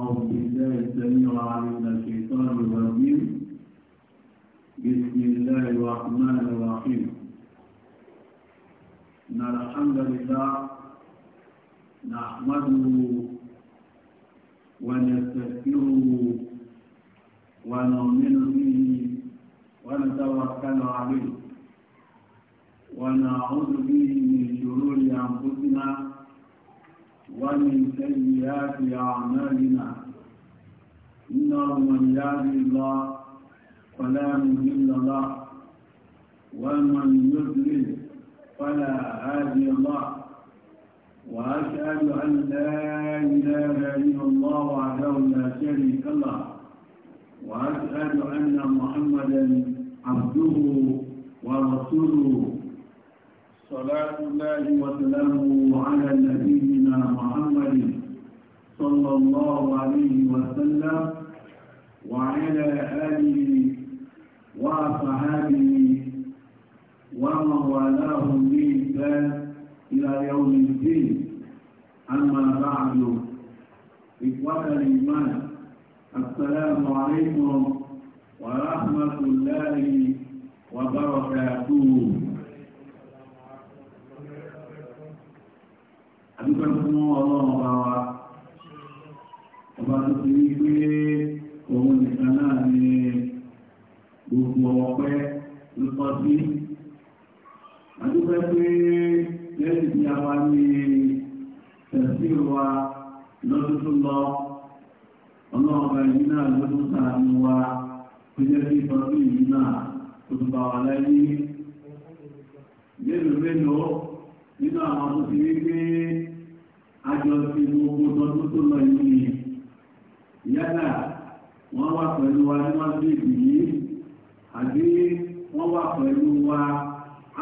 أعوذ بالله السميع العليم من الشيطان الرجيم بسم الله الرحمن الرحيم إن الحمد لله نحمده ونستغفره ونؤمن به ونتوكل عليه ونعوذ به من شرور أنفسنا ومن سيئات أعمالنا إنه من يهد الله فلا مضل له ومن يضلل فلا هادي له وأشهد أن لا إله إلا الله وحده لا شريك له وأشهد أن محمدا عبده ورسوله صلاة الله وسلامه على نبينا محمد صلى الله عليه وسلم وعلى آله وصحابه ومن والاهم بإحسان إلى يوم الدين أما بعد إخوة الإيمان السلام عليكم ورحمة الله وبركاته àdúgbò fún ọlọ́run ọba wa ọba tó ti rí pé òun nìkan náà ni gbogbo ọpẹ́ ló tọ́ sí àdúgbò pé lẹ́yìn tí a wá ní tẹ̀sí wa lọ́dún tó lọ ọlọ́run ọba yìí náà ló tún sàánú wa tó jẹ́ bí ìtọ́jú yìí náà tó tún bá wa láyé mélòó mélòó nínú àwọn tó ti rí pé àjọ ti gbogbo tọdún tó lọ yìí ni yálà wọ́n wà pẹ̀lú wa ní wọ́n ti bì í àbí wọ́n wà pẹ̀lú wa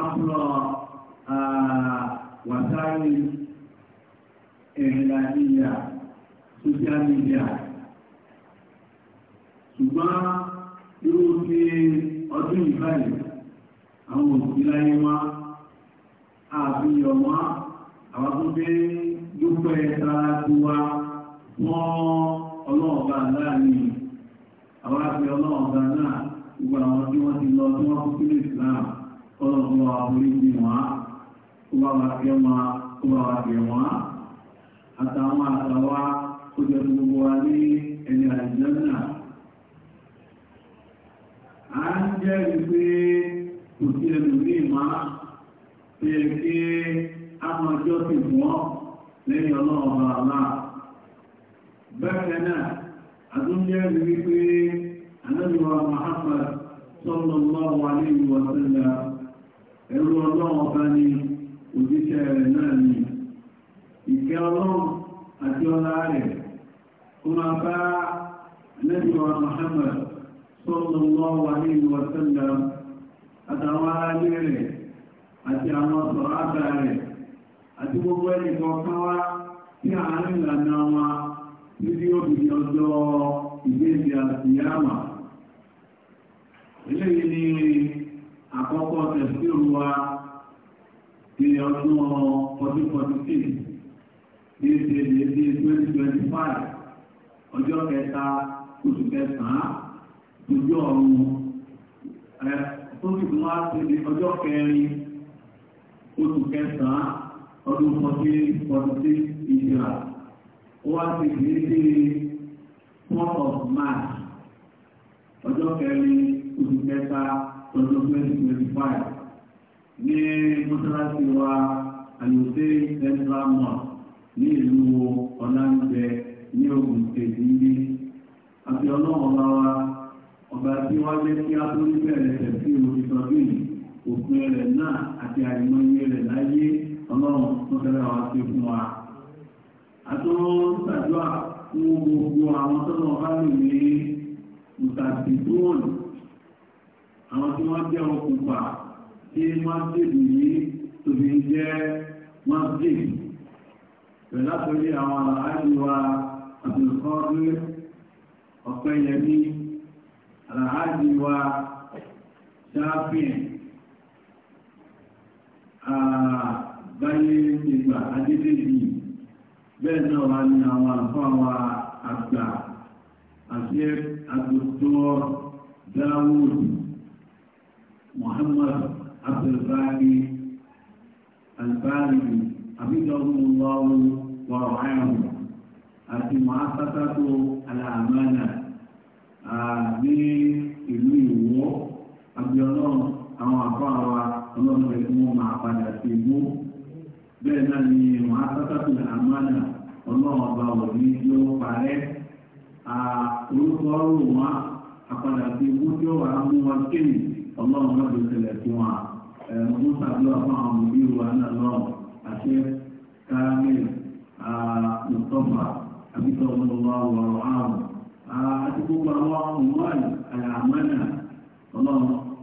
ápùlọ wàsáyé ẹ̀rìnlá ìyà social media ṣùgbọ́n irú ti ọdún ìbáyìí àwọn òbí láyé wọn àfihàn wọn àwọn tó gbé dúpẹ́ tara tó wa mọ́ ọlọ́ọ̀bá láàrin àwọn àfi ọlọ́ọ̀bá náà gbogbo àwọn tí wọ́n ti lọ tí wọ́n kúkú lè Islam ọlọ́ọ̀bá wa orí ti wọn ó bá wa kẹ́ wọn bá wa kẹ́ wọn àtàwọn àtàwa ẹnu ní ìmọ̀ tó yẹ kí a máa jọ́ sí wọ́n lẹ́yìn ọlọ́run ọba àlá. Bẹ́ẹ̀ náà, àtúnjẹ́ rí wípé ànábìwá Muhammad sallallahu alayhi wa sallam ẹ̀rù ọlọ́run ọba ni òjíṣẹ́ rẹ̀ náà ni. Ìkẹ́ ọlọ́run àti ọlá rẹ̀ kó máa bá ànábìwá Muhammad sallallahu alayhi wa sallam àtàwọn aráalé rẹ̀ àti àwọn sọ̀rọ̀ àgbà rẹ̀ àti gbogbo ẹni kọ̀ọ̀kan wá tí àárín ìlànà wa níbi òbí ọjọ́ ìgbésí àtìyáwà. Eléyìí ni àkọ́kọ́ tẹ̀síru wa ti ọdún ọdún 46 ní ìṣẹ̀lẹ̀ ní 2025 ọjọ́ kẹta oṣù kẹsàn-án ojú ọ̀run tó sì tún wá sí ọjọ́ kẹrin oṣù kẹsàn-án ọdún forty forty six ìjìlá ó wá sí ìdílé fourth of march ọjọ́ kẹrin oṣù kẹta ọdún twenty twenty five ní mọ́ṣáláṣí wa àyọ̀dé central mosque ní ìlú ọ̀làǹbẹ ní ogun kejì ní àti ọlọ́run ọba wa ọba tí wọ́n jẹ́ kí a tó ní bẹ̀rẹ̀ tẹ̀sí òṣìṣọ́ bíi òpin rẹ̀ náà àti àìmọye rẹ̀ láyé ọlọ́run tó fẹ́rẹ̀ wá sí fún wa. àtúntò ṣàdúrà fún gbogbo àwọn tọ́lọ̀ bá lè ní mùtàdìbòòlù àwọn tí wọ́n jẹ́ okùnfà tí masjid yìí tóbi jẹ́ masjid pẹ̀lú àtúndì àwọn àjùwà àtúnkọ́rí ọ̀pẹ́yẹmí àlàájì wa ṣáfihàn báyé ìgbà adédèjì bẹ́ẹ̀ náà wà ní àwọn àfáwà àgbà àti àgbòtọ́ Dawud Muhammad Abdulbari Albari abidjanullahu wa ọ̀hánù àti mọ̀ásátátó aláàmánà ní ìlú Ìwó abiola àwọn àfáwà ọlọ́run rẹ̀ tí wọ́n máa padà sí igbó bẹ́ẹ̀ náà ni wọ́n á sátákùn àmánà ọlọ́run ọba ò ní ló parẹ́ orúkọ ọrùn wọn àpadà sí igbó tí ó wà á mú wọn kéwì ọlọ́run náà ló ṣẹlẹ̀ sí wọn ẹ̀rọ sàdúrà fún àwọn òbí wa náà lọ́wọ́ àṣẹ kárámẹ́lì mùtọ́fà àbíkọ́ ọlọ́wọ́ ọ̀rọ̀ àti gbogbo àwọn ọmọ àmánà ọlọ́run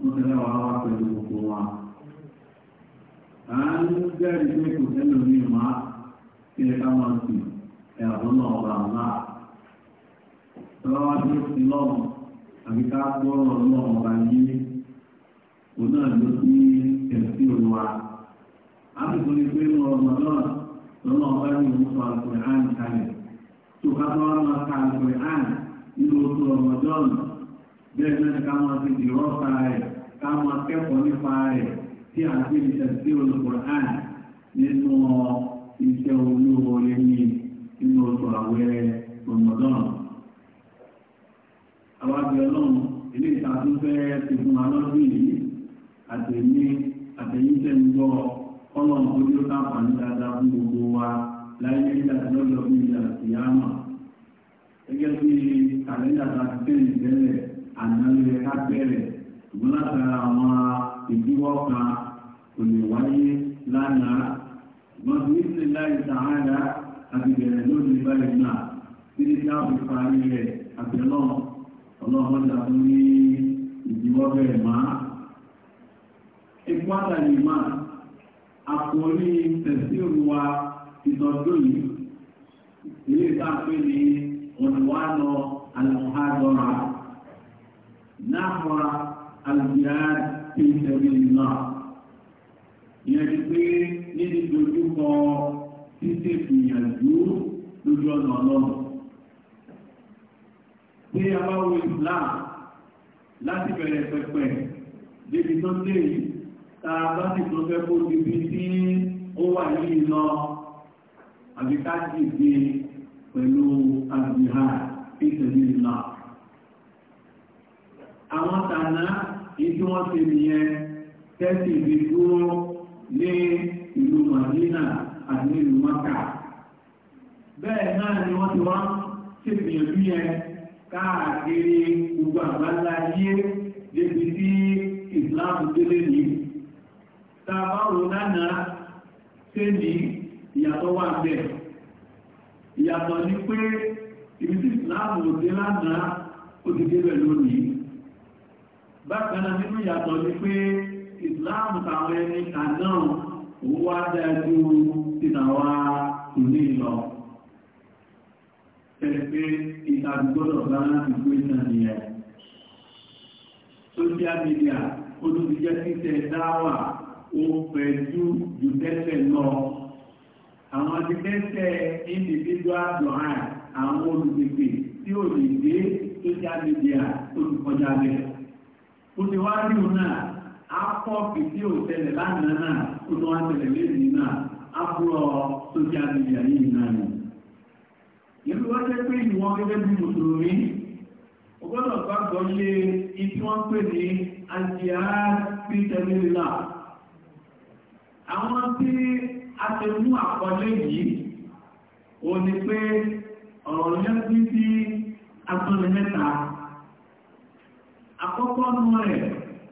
ló ṣẹlẹ̀ wà á wá pẹ̀lú gbogbo wọn à ń jẹ́rìí pé kò sẹ́nu ní ìmọ̀ kí ẹ ká máa sì ẹ àbọ̀ náà ọ̀rọ̀ àmà. Tọ́lá tó ti lọ́rùn àbí ká gbọ́rọ̀ náà ọba yìí òun náà ló sí ẹ̀sìn olúwa. A ti tún ní pé mo ọmọ náà lọ́nà ọba yìí ń sọ àpò ìhàn kalẹ̀. Tó ká tó wá máa ka àpò ìhàn nínú oṣù ọmọdọ́nù. Bẹ́ẹ̀ náà ni ká máa ti dìrọ́ pa rẹ̀, ká máa kẹ́kọ̀ọ́ nípa rẹ̀ tí a ti lè tẹ̀sí olùkọ́án nínú iṣẹ́ olóore ní inú oṣù àwẹ̀ rọmọdán. àwọn àti ọlọ́run ilé ìta tó fẹ́ ti fún wa lọ́dún yìí àtẹ̀mí àtẹ̀yíṣẹ́ ń gbọ́ ọlọ́run tó yóò káfàánì dáadáa fún gbogbo wa láyé nígbà tí lọ́dọ̀ fún ìyá ìyá náà. gẹ́gẹ́ bí kàlẹ́ńdà ta ti tẹ̀lé tẹ́lẹ̀ àná lè ká bẹ̀rẹ̀ ṣùgbọ́n látara àwọn ìdíwọ́ kan kò lè wáyé lánàá wọ́n fi ní láì sàárà àbìbẹ̀rẹ̀ lónìí báyìí náà títí tí a fi parí rẹ̀ àbẹ̀lọ́ ọlọ́run dàbí ní ìdíwọ́ bẹ̀rẹ̀ máa. Ikú àtàlì máa àkórí tẹ̀sí òruwa ìtọ́jú yìí ilé ìtàpé ni ònìwánà alùhádọ́ra náà àlùyá tí ìtẹ̀wé náà ìyẹn ti pé níbi dojúkọ títí ìyànjú lójú ọ̀nà ọlọ́run. Bí a bá wo Islam láti bẹ̀rẹ̀ pẹpẹ débi tó dé yìí, tá a bá sì tó fẹ́ kó ibi tí ó wà yìí lọ, àbí ká sì gbé pẹ̀lú àbíhá ìtẹ̀lé ìlà. Àwọn tànà ìdí wọn ti nìyẹn tẹ́sì ìdí dúró ní ìlú Madina àti ìlú Maka bẹ́ẹ̀ náà ni wọ́n ti wọ́n ti gbìyànjú yẹn káàkiri gbogbo àgbáńlá yé débi tí Islam délé ní tá a bá wò lánàá sẹ́ni ìyàtọ̀ wà bẹ́ẹ̀ ìyàtọ̀ ni pé ibi tí Islam ò dé lánàá ó ti débẹ̀ lónìí bákan náà nínú ìyàtọ̀ ni pé ìsìláàmù táwọn ẹni kan náà òun wá dájú títà wá òní lọ. Tẹ̀lé pé ìtàdúgbọ́dọ̀ bá láti gbé náà nìyẹn. Social media ó tún ti jẹ́ títẹ̀ dáwà ó pẹ̀lú jù tẹ́sẹ̀ lọ. Àwọn ti tẹ́sẹ̀ individual dohan àwọn media tó ti kọjá bẹ́ẹ̀. Ó ti wá rí òun náà akọ́ fìdí òtẹ́lẹ̀ lánàá náà tó tó wá tẹ̀lẹ̀ lẹ́yìn náà ápùrọ̀ social media yìí náà ni. ìlú wọ́n jẹ́ pé ìwọ̀n gẹ́gẹ́ bí mùsùlùmí ó gbọ́dọ̀ gbàgbọ́ yé ibi wọ́n pè ní aljihan peterlila. àwọn tí a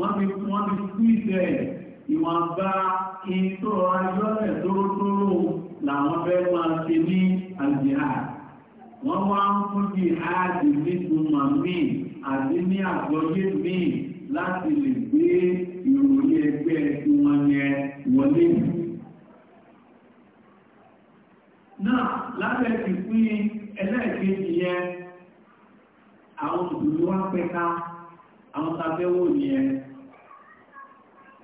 wọ́n ti wọ́n ti kú ìtẹ̀ ìwọ̀nba ìtò ayọ́lẹ̀ tórótóró làwọn fẹ́ máa ṣe ní àjìhà wọ́n wá ń fún di áàdì nítumọ̀ míì àti ní àgbọ́yé míì láti lè gbé ìròyìn ẹgbẹ́ tí wọ́n yẹn wọlé. náà lábẹ́ ti pín ẹlẹ́ẹ̀kejì yẹn àwọn òṣèlú wá pẹ́ka àwọn tàbẹ́wò yẹn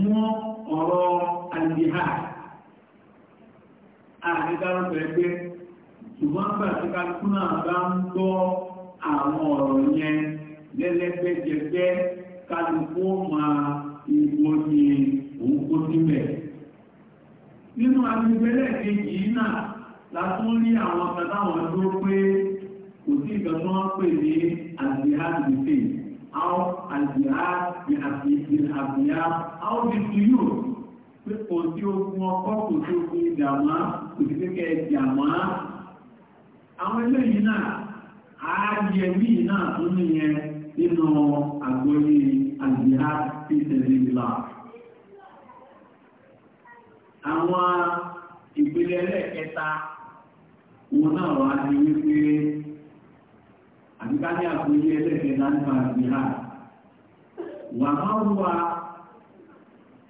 mọ́ ọ̀rọ̀ àdìhà àdìdárúkọ ẹgbẹ́ ṣùgbọ́n gbà tí kálukú náà bá ń gbọ́ àwọn ọ̀rọ̀ yẹn lẹ́lẹ́gbẹ́jẹgbẹ́ kálukú máa ìwọ ni òun kó síbẹ̀. nínú agbègbèlẹ̀ kejì náà látún rí àwọn kan táwọn pé kò sí ìgbà pè ní àdìhà nìfẹ̀ẹ́ أو na بالأبيات أو بالسيوف pé kò sí ogun ọkọ́ kò sí ogun ìdàmá kò sí kékẹ́ ìdàmá àwọn yìí náà ààyẹ̀mí náà tún níyẹn nínú tí tẹ̀lé ìlà àwọn ìpínlẹ̀ ẹlẹ́ẹ̀kẹta òun náà wà ní àti ká ní àpòyí ẹlẹ́gbẹ̀ẹ́ lánàá ní ha wàhálà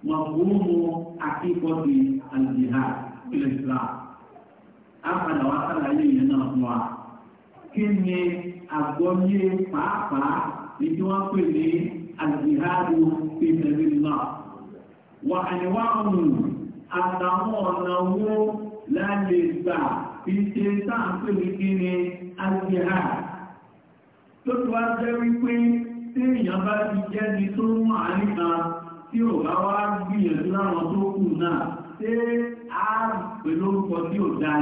mọ̀kúrúmù akíkọ́sí àlùjìhà ilẹ̀ islam àpàdà wa sàlàyé yẹn náà fún wa kí ni àgbọ́yé pàápàá ìdí wọn pè ní àlùjìhàdù fi náà wà àníwá ọ̀hún àtàwọn ọ̀nà wo láti gbà fi ṣe sáà pè ní kí ni àlùjìhàdù. tó tó wá jẹ́ wípé tí èèyàn bá ti jẹ́ ni tó ń wà níta tí ò bá wá gbìyànjú láwọn tó kù náà tí a pẹ̀lú orúkọ tí ò dá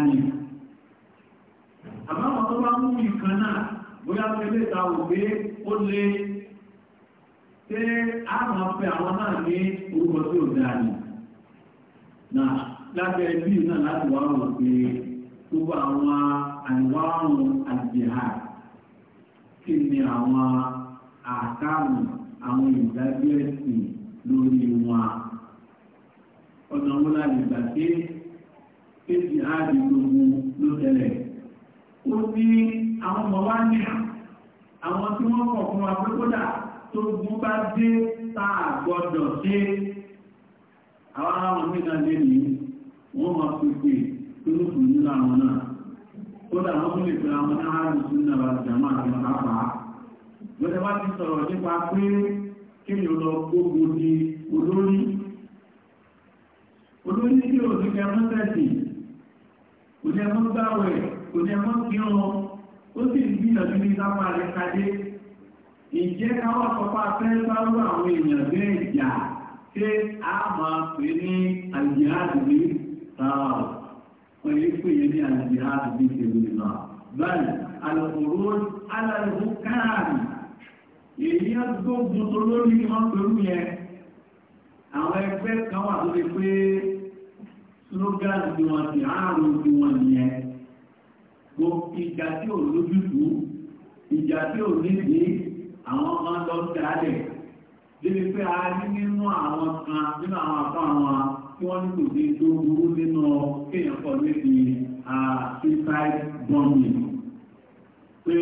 àbáwọn tó bá mú ìkan náà bóyá pẹ̀lú ìta ò ó lé tí a máa àwọn náà ní orúkọ pé kí ni àwọn àkáàmù àwọn ìdájọ́ ẹ̀sìn lórí wọn. ọ̀nà wọn la lè gbà pé kéèkì áàdì gbogbo ló tẹ̀lé. ó ní àwọn ọmọ wa ní àwọn tí wọ́n kọ̀ fún wa pé kódà tó gún bá dé tá a gbọ́dọ̀ ṣe. àwọn àwọn mìíràn lè ní wọ́n máa pèpè tó lókùn nínú àwọn náà kódà wọ́n tún lè fi àwọn náà ní sínú àwọn àjàmọ́ àti pàápàá lọ́dẹ̀ wá ti sọ̀rọ̀ nípa pé kéèyàn lọ gbogbo di olórí olórí tí ò ní kẹ mọ́ tẹ̀sì kò ní ẹmọ́ gbáwẹ̀ kò ní ẹmọ́ kírun ó sì ń gbìyànjú ní sápá rẹ̀ kadé ìjẹ́ káwọ́ sọpá fẹ́ àwọn èèyàn bẹ́ẹ̀ jà ṣé a máa pè ní àjẹ́ àdúgbò sáà ويكون جميع الجهاد في سبيل الله بل الخروج على الحكام يضرب بطلول من قلوبه àwọn ẹgbẹ́ kan wà tó lè pé slogan tí wọ́n ti ààrùn tí wọ́n yẹn gbogbo ìjà tí ò lójútù ìjà tí ò nídìí àwọn kan lọ sí alẹ̀ pé a rí nínú àwọn kan nínú àwọn àpá àwọn tí wọ́n ní kò sí tó burú nínú kéèyàn kọ́ níbi suicide bombing pé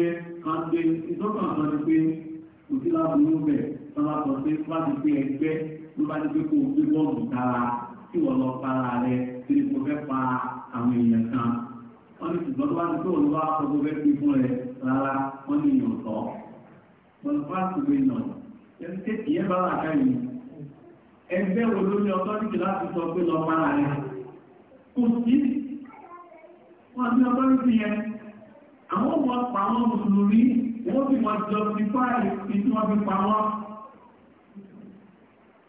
kan ṣe ìtọ́kàn kan ni pé kò sí láburú bẹ̀ wọ́n bá sọ pé wọ́n ti pé ẹgbẹ́ ló bá ti pé kó o gbé bọ́ọ̀lù tara tí wọ́n lọ para rẹ tí o fẹ́ pa àwọn èèyàn kan wọ́n ní ṣùgbọ́n tó bá ti tó o lọ́wọ́ àkókò fẹ́ fi fún rẹ rárá wọ́n ní ìyàn sọ. wọ́n fásitì wé nà ẹ̀ ń tètè bá wà ká ẹgbẹ́ wo ló ní ọtọ́rìtì láti sọ pé lọ para rẹ̀ kò sí wọ́n ní ọtọ́rìtì yẹn àwọn ọmọ pa wọn mùsùlùmí wọ́n fi wọn jọ sí fáìlì tí wọ́n fi pa wọn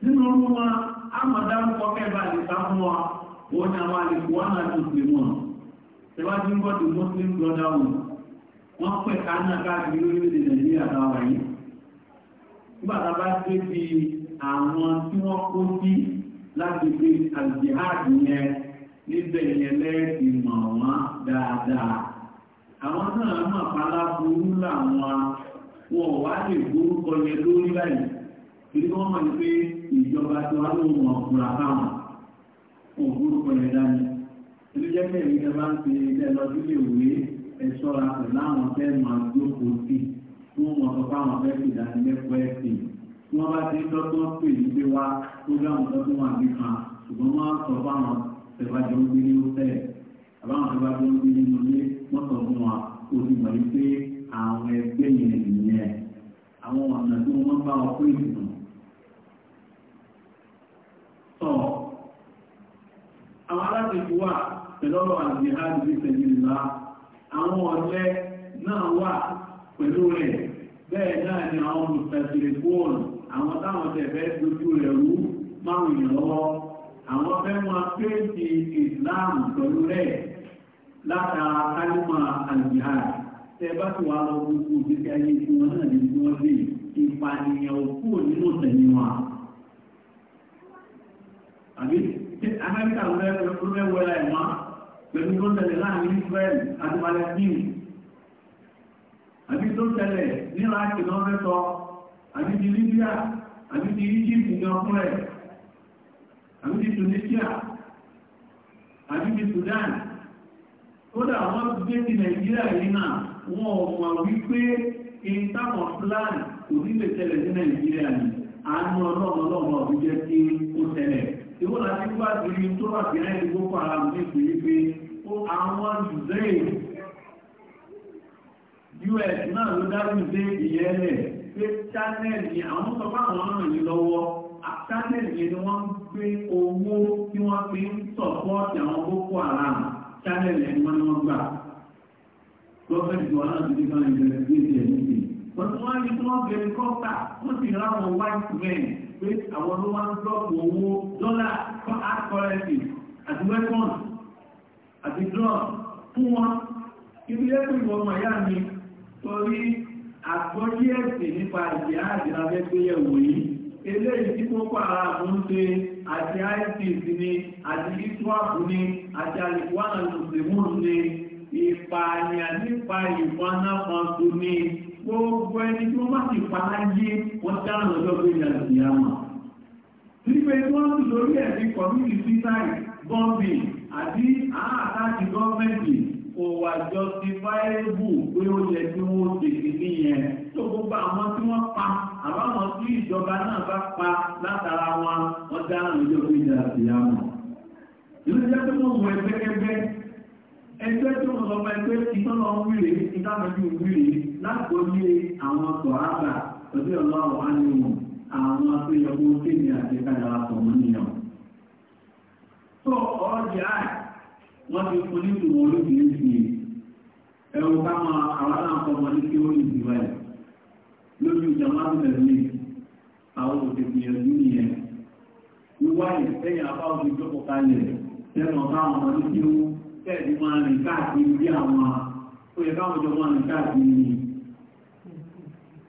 nínú wọn lè sá fún wa wọ́n ní àwọn àlèkò wọn náà tó pè ń muslim brotherhood wọ́n ká náà káàkiri èdè nàìjíríà nígbà tá a bá dé bíi àwọn tí wọ́n kó sí láti fi àjìháàdì yẹn níbẹ̀ yẹn lẹ́ẹ̀sì mọ̀ wọ́n dáadáa àwọn náà mọ̀ pálá burú làwọn wọn wá lè gbórúkọ yẹn lórí báyìí kí wọ́n mọ̀ ní pé ìjọba tí wọ́n lò wọ́n fúra káwọn wọn gbórúkọ yẹn dání ilé jẹ́ pẹ̀lú ìjọba ń fi ilẹ̀ lọ sílé ìwé ẹ̀ṣọ́ra pẹ̀lú àwọn fẹ́ẹ́ máa gbókòó sí fún wọn sọ fáwọn fẹ́ẹ́ fìdánilẹ́kọ̀ọ́ ẹ̀sìn wọ́n bá ti dọ́gbọ́n pè ní pé wá program dọ́gbọ́n wà nìkan ṣùgbọ́n wọ́n sọ fáwọn tẹ̀wájọ́ ń gbé ní hotel àbáwọn tẹ̀wájọ́ ń gbé nínú ilé wọ́n sọ fún wa o ti mọ̀ ní pé àwọn ẹgbẹ́ yẹn nìyẹn àwọn ọ̀nà tí wọ́n bá wọn pé ìdùnnú. sọ àwọn aláṣẹ́jú wà pẹ̀lú ọ̀rọ̀ àjẹhádì ní sẹ̀yìnlá àwọn ọ̀lẹ́ náà wà pẹ̀lú rẹ̀ bẹ́ẹ̀ náà ni àwọn olùfẹ̀sìrì fóònù àwọn táwọn tẹ̀fẹ́ dojú rẹ̀ rú márùn ún lọ́wọ́ àwọn fẹ́ wọn péjì Islam pẹ̀lú rẹ̀ látara kálímà àlùjihad tẹ́ bá ti wà lọ gbogbo ìgbésí ayé tí wọn náà lè fi wọn lè ìpànìyàn òkú nínú tẹ̀yìn wa. àbí amẹ́ríkà ló fẹ́ ló fẹ́ wọlé ẹ̀ mọ́ pẹ̀lú tó ń tẹ̀lé láàrin Israel àti Palestine àbí tó ń tẹ̀lé nílá ìkìlọ́ fẹ́ sọ àbí ti Libya àbí ti Egypt ní ọkùn rẹ̀ àbí ti Tunisia àbí ti Sudan kódà wọ́n gbé ti Nàìjíríà yìí náà wọ́n mọ̀ wípé in táwọn plan kò ní lè tẹ̀lẹ̀ sí Nàìjíríà ni àánú ọlọ́run ọlọ́run ọ̀dún jẹ́ kí ó tẹ̀lẹ̀ ìwọ láti wá ìrì tó wà bí i gbogbo ara ní ìpínlẹ̀ pé ó àwọn zay us náà ló dá zay ìyẹ́lẹ̀ pé channel yẹn àwọn sọ fún àwọn ọ̀ràn yìí lọ́wọ́ channel yẹn ni wọ́n gbé owó tí wọ́n fi ń sọ̀pọ́ọ̀tì àwọn boko haram channel yẹn ni wọ́n ní wọ́n gbà gọ́ọ̀mẹ̀ntì wọn náà ti ní kan ìbẹ̀rẹ̀ sí èdè ẹ̀mí sí pẹ̀lú wọn ní kí wọ́n bẹ̀rẹ̀ kọ́ta wọ́n sì rá wọn white men pé àwọn ló wá ń dọ́pù owó dọ́là fún art currency àti weapons àti drugs wọn ibi yẹ́pù ìwọ̀n màyá mi torí àgbọ́yé ẹ̀sìn nípa ìjẹ́ àjìlábẹ́ pé ẹ̀wò yìí eléyìí tí kó pa ara mú ń ṣe àti isis ni àti iswap ni àti alìkúwánà lùsìmù ni ìpààyàn nípa ìfọ́náfọ́nso ni gbogbo ẹni tí wọ́n bá ti pa láyé wọ́n dáhùn ọjọ́ pé ní àjìyàmọ̀ nígbà tí wọ́n ti lórí ẹ̀sìn community suicide bombing àti àátáàkì gọ́ọ̀mẹ̀ntì kò wà justifiable pé ó yẹ kí wọ́n tètè nìyẹn tó gbogbo àwọn tí wọ́n pa àbáwọn tí ìjọba náà bá pa látara wọn wọ́n dáhùn ìjọ pé ìjà sí àmọ́. ìlú jẹ́ pé wọ́n wọ ẹgbẹ́kẹ́gbẹ́ ẹgbẹ́ tó ń lọ bá ẹgbẹ́ ìtọ́nà wíìrè ìdámẹ́jú wíìrè láti orí àwọn sọ̀rọ̀ pẹ̀lú ọlọ́run á ní wọn àwọn tó yẹ kó tèmi àti káyọ̀ àtọ̀mọ́nìyàn. tó ọjà wọ́n ti fún ní ìwọ̀n olóbìnrin sí i ẹ̀rù ká ní kí ó lè ẹ̀ lójú ìjàmbá tó àwọn òṣèlú yẹn wíwá ìfẹ́yìn apá kalẹ̀ káwọn ọmọ ní kí ó máa rìn káàkiri bí àwọn ó yẹ káwọn rìn káàkiri ni.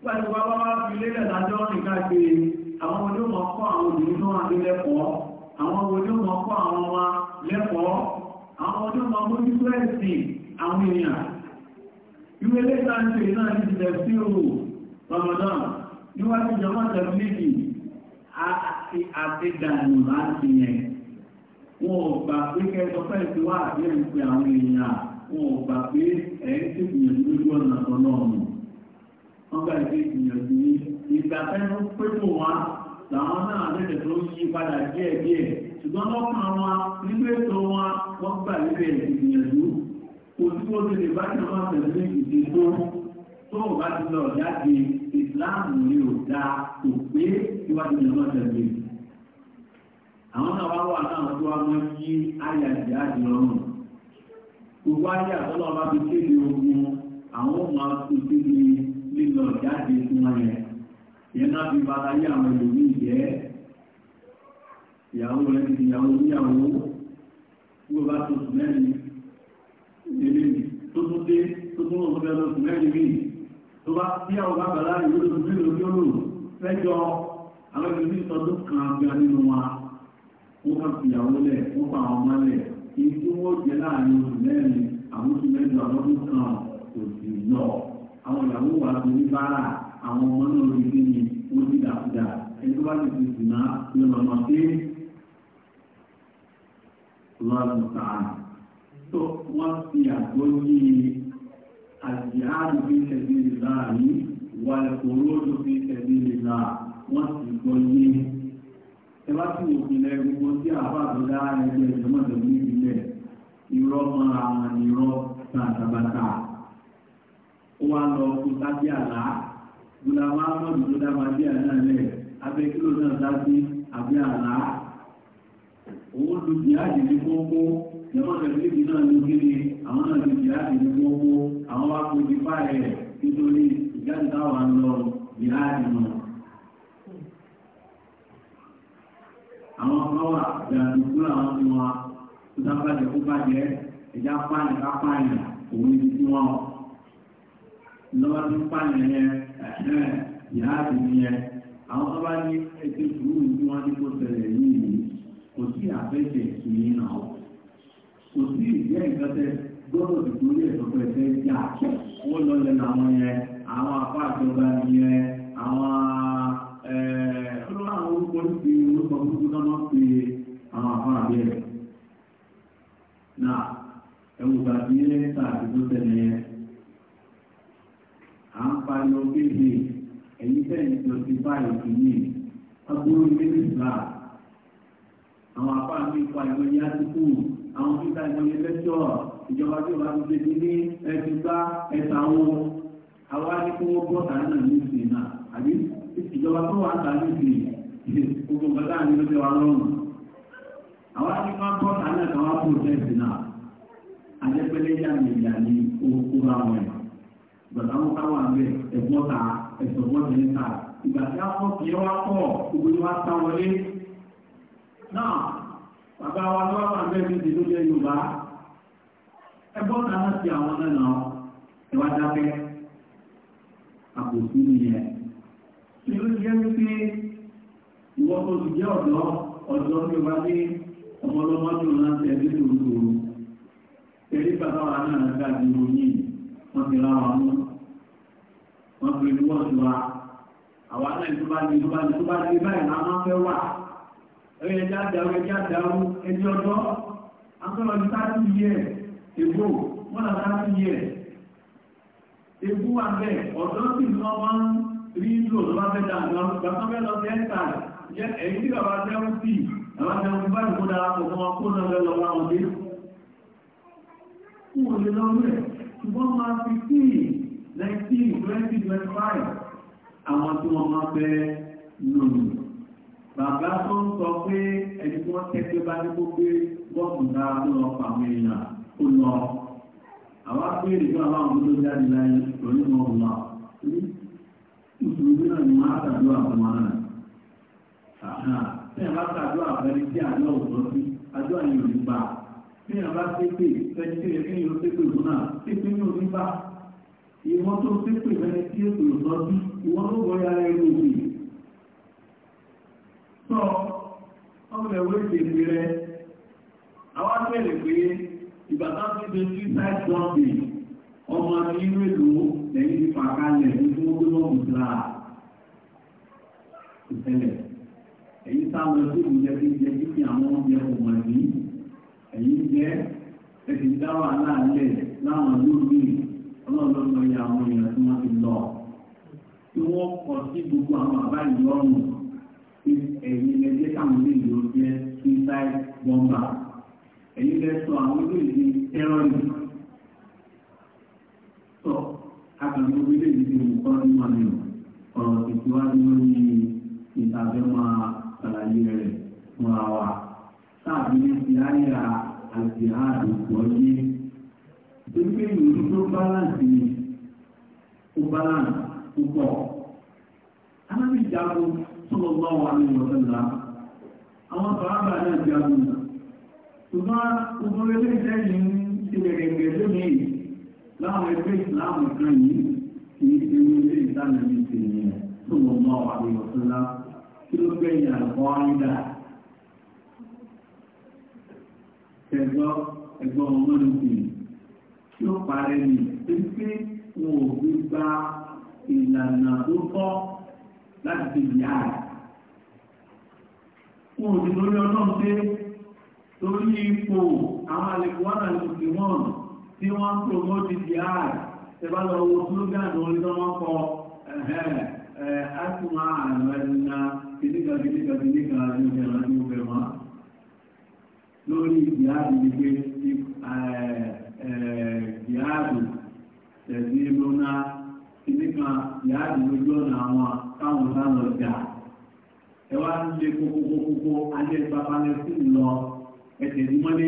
Pẹ̀lú bàbá fi lélẹ̀ lájọ́ rìn káàkiri, àwọn ọmọdé wọn kọ́ àwọn ní lẹ́kọ̀ọ́, àwọn àwọn ọjọ́ máa mú ní pẹ́ẹ̀sì àwọn èèyàn ìwé lẹ́ta ń pè náà ní ìjẹ̀ sí òru Ramadan níwájú jọmọ́ tẹ̀lifí àti dànù láti yẹn wọn ò gbà pé kẹsọ pẹ́ẹ̀sì wà bí ẹ̀ ń pe àwọn èèyàn wọn ò gbà pé ẹ̀ ń tètè yẹn lójú ọ̀nà ọlọ́run wọ́n gbà pé ìgbìyànjú ìgbà fẹ́ ló pé tó wá làwọn náà ṣùgbọ́n lọ́kàn wọn nínú ètò wọn wọ́n gbà lébẹ̀ ìgbìyànjú kò sí ó ti lè bá ṣe wọn tẹ̀lé ìdí tó tó bá ti lọ jáde ìsìláàmù ni ò da kò pé ìwádìí ni wọ́n tẹ̀lé. àwọn náà wá wà náà tó wá mọ́ yí ayé àti àjọ ọ̀run gbogbo ayé àtọ́lọ́ ọba fi kéde ogun àwọn ọmọ akutí ni lílọ jáde fún wọn yẹn yẹn náà fi bàtà yé àwọn èlòmíì jẹ́ ìyàwó rẹ̀ ti ìyàwó níyàwó wọ́n bá tó sùn mẹ́rin ilé mi tó tún dé tó tún wọ́n fẹ́ lọ sùn mẹ́rin mi tó bá tí àwọn bá bàlá ìlú tó tún lè lórí olóòrùn lẹ́jọ́ àwọn ìlú ìtọ́jú kan abíyá nínú wa wọ́n kàn fi ìyàwó lẹ̀ wọ́n pa àwọn ọmọ lẹ̀ kí tí wọ́n jẹ láàrin oṣù mẹ́rin àwọn oṣù mẹ́jọ àlọ́dún kan kò sì lọ àwọn ìyàwó wa tó ní bára àwọn ọmọ náà lórí kí ni wọ́n ti dàkúdà ẹni tó bá ti ti sùn náà lọ́nà ọmọ lọ́nà sàn. tó wọ́n fi àgbóyé àjíháàdù fi tẹ̀lé ìlà yìí wà ìkòròdù fi tẹ̀lé ìlà wọ́n sì gbóyé. ẹ bá tún òpinlẹ̀ gbogbo tí àbá tó dá ẹgbẹ́ ìjọmọ̀tò ní ìpínlẹ̀ irọ́ mọ́ra wọn irọ́ tàǹtàbàtà. ó wá lọ máa ń mọ̀ ní tó dá máa náà dá sí àbí àlá owó lu jihadi ní gbogbo jẹ́mọ́ tẹ̀síìkì náà ló kéde àwọn náà lu jihadi ní gbogbo àwọn wá kó ti fà ẹ̀ nítorí ìjáde táwọn lọ jihadi náà. àwọn kọ́wà ìdàdùkú làwọn ti wọn tó dábàjẹ́ kó bàjẹ́ ìjà pààyàn ká pààyàn òun ní ti wọn lọ́wọ́ tí pààyàn yẹn ẹ̀ẹ́ jihadi nìyẹn àwọn tó ní ètò ìṣòro tí wọ́n ti kó tẹ̀lé yìí kò sí àfẹ́jẹ̀ ìyẹn náà kò sí ìjẹ́ ìkẹtẹ gbọ́dọ̀ tó lè sọ pé ẹgbẹ́ yà ó lọlẹ̀ làwọn yẹn àwọn apá àjọba yẹn àwọn ọlọ́run orúkọ ti orúkọ burúkú náà máa ń pe àwọn apá àbẹ́ rẹ̀ náà ẹ̀wù gbàgbé lẹ́tà àdúgbò tẹ̀lé yẹn à ń pariwo kéde ẹ̀yìn tẹ̀yìn tó ti bá ìpínlẹ̀ ọgbọ́n ilé ìgbà àwọn apá àti ipa ìwé ní àtìkù àwọn títà ìwé ní lẹ́tọ̀ ìjọba tí wàá ti ṣe ní ẹtì bá ẹ̀ta wọn àwa ní kí wọ́n bọ́ tàà náà ní ìsìn náà àbí ìjọba tó wà tàà ní ìsìn gbogbo gbọ́dá ní ló tẹ́ wa lọ́rùn àwa ní wọ́n bọ́ tàà náà káwá pòtẹ́sì náà àjẹpẹ́lẹ́ yà ní ìyà ní owó bá wọn ẹ̀ gbọ̀dá wọn káwá bẹ́ẹ̀ ẹ̀gbọ́ta ẹ̀sọ̀gbọ́ta níta ìgbà tí a kọ́ kí wọ́n kọ́ gbogbo wa sá wọlé náà bàbá wa ló wà mẹ́rin ti ló jẹ́ yorùbá ẹgbọ́n náà ti àwọn nánà ẹwà dákẹ́ àpòsí nìyẹn ìlú jẹ́ wípé ìwọ tó ti jẹ́ ọ̀dọ́ ọ̀dọ́ ní wa ní ọmọlọ́mọ tó náà tẹ̀lé lòdòdò tẹ̀lé bàbá wa náà gbàgbé oyin wọ́n ti ra wa mú wọ́n fi wọ́n ti wa àwọn náà tó bá ní tó bá ní tó náà máa fẹ́ wà ẹ̀yẹ jáde-àwọ̀ ẹjẹ́ àdáwò ẹjẹ́ ọjọ́ akọ́lọ̀ ní tàbí yẹ ègbò wọ́n là tàbí yẹ ègbò wà bẹ́ẹ̀ ọ̀dọ́ sì ń lọ wọ́n rí lò lọ́wọ́ fẹ́ dàgbà gbàtọ́ fẹ́ lọ fẹ́ tà jẹ́ èyí tí bàbá jẹun sí bàbá jẹun bá ìkó dára pọ̀ fún wọn kó lọ fẹ́ lọ wọn dé kú ò lè lọ́wọ́ ẹ̀ ṣùgbọ́n máa fi bàbá tó ń sọ pé ẹni tí wọ́n tẹ́ pé bá ní kó gbé bọ́ọ̀mù dára tó lọ pa àwọn èèyàn kó lọ. àwa béèrè fún àwọn àwọn tó jáde láyé lórí wọn wù wá. mùsùlùmí náà ni wọ́n á tàdúrà fún wọn náà. bẹ́ẹ̀ bá tàdúrà fẹ́ni tí àjọ òótọ́ sí àjọ àyè ò ní gbà. bẹ́ẹ̀ bá tẹ́pẹ́ fẹ́ni tí ẹ̀kẹ́ yóò tẹ́pẹ́ fún náà tẹ́pẹ́ ní òní gbà. ìwọ́n tó tẹ́pẹ́ fẹ́ni tí ètò òótọ́ tọ́ ọmọ ẹ̀wọ́ ìdèmí rẹ̀ àwọn abẹ́rẹ̀ pé ìbàdàn ti dé suicide bombing ọmọ inú èlò lẹ́yìn ti fàkalẹ̀ ní fún gbólóhùn síra ìṣẹ̀lẹ̀ èyí sáwọn ẹgbẹ́ ìjẹ́ ti jẹ́ kíkí àwọn oúnjẹ kò mọ̀ ní èyí jẹ́ ẹ̀sì dáwà láàlẹ̀ láwọn lórí ọlọ́ọ̀lọ́sọ ìyá àwọn èèyàn tí wọ́n ti lọ tí wọ́n kọ sí gbogbo àwọn àbá ìlú ọ̀run ẹ̀yin ẹgbẹ́ táwọn olóyè ló jẹ́ suicide bomber ẹ̀yin lẹ sọ àwọn olóyè ní terrorism sọ àgbàdo olóyè ní ti wù kọ́ nínú àmì ọ̀rọ̀ ìtìwájú lórí ìtàgé máa ṣàlàyé rẹ̀ fúnra wa sáàbí ní ti àyà àti àdùkú ọyẹ torí pé ìlú tó báláǹsì ni ó báláǹsì púpọ̀ alábìjagun sallallahu alaihi wa sallam àwọn sàábà náà jẹ́ àmì ṣùgbọ́n gbogbo ilé iṣẹ́ yìí ń ṣe gẹ̀gẹ̀gẹ̀ lónìí láwọn ẹgbẹ́ ìsìláàmù kan yìí kì í ṣe ní ilé ìdáná ní ti yẹn sallallahu alaihi wa sallam kí ló gbẹ̀yìn àlùkò áyídà ìlànà tó tọ́ láti fi ìyá rẹ̀. Wọ́n ti lórí ọlọ́run pé torí ipò àwọn àlèkò wà láti fi wọ́n tí wọ́n ń promote ìyá rẹ̀. Ṣé bá lọ wo slogan orí tó wọ́n kọ Asuma àrẹ̀lẹ́nà kìdíkà kìdíkà kìdíkà ní Lórí ìyá rẹ̀ ni pé ìyá tẹ̀sí lónà kìíní kan yáàdì lójú ọ̀nà àwọn táwọn sáwọn ọjà ẹ wá ń lé kókókókókó alẹ́ babalẹ̀ sí lọ ẹsẹ̀ ní mọ́lé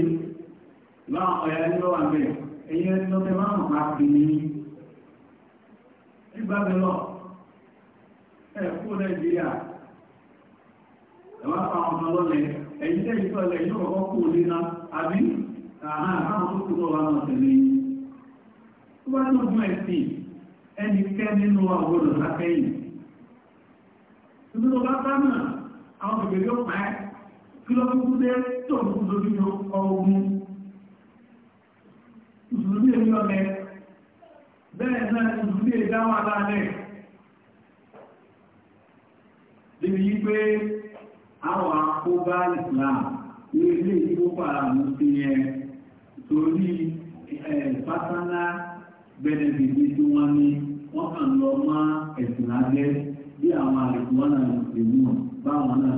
láwọn ọ̀yà ní lọ́wọ́ àbẹ̀ máa ń pa nígbà mi lọ kú nàìjíríà wá pa ọmọ lọ́lẹ̀ tó kú òní náà àbí àwọn àwọn tó tẹ̀lé tó bá tó ẹnikẹ́ nínú àwọ̀dọ̀ lákẹ́yìn nínú bá bá náà àwọn bèbè yóò pa ẹ́ kí ló kúkú dé tó ń kú lójú ní ọgbùn mùsùlùmí èmi ọ̀lẹ bẹ́ẹ̀ náà mùsùlùmí èdáwà láàrẹ̀ débi yí pé àwọn akóbá Islam ní ilé ìfowópamọ́ sí yẹn torí ẹ̀ pátánlá benefit tí wọ́n ní wọ́n kàn lọ mọ́ ẹ̀sìn lábẹ́ bí àwọn àlejò wọn náà ti mú wọn báwọn náà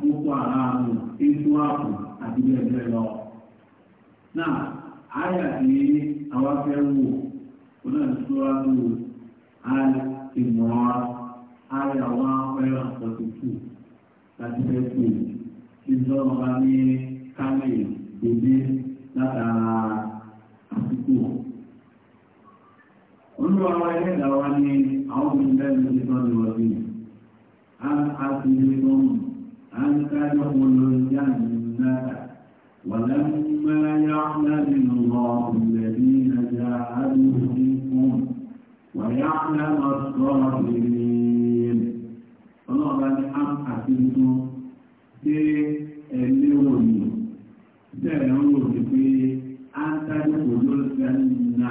boko haram na ààbò àti bẹ́ẹ̀ lọ. náà àyà tí àwa fẹ́ wò ó náà ti tó wá lò àyà ìmọ̀ra àyà èdè látara àsìkò. Olúwa wa ẹlẹ́dà wa ni àwọn òṣìṣẹ́ ló ti tọ́ lọ sí. A a ti lè tọ́ mọ̀, a ń kájọ́ mo lọ sí àmì náà. ولما يعلم الله الذين جاهدوا منكم ويعلم الصابرين ọlọ́ọ̀bá ni a ń àti tuntun ṣé ẹ léwò yìí bẹ́ẹ̀ náà wò ó pé á ń sáré kò ló gánà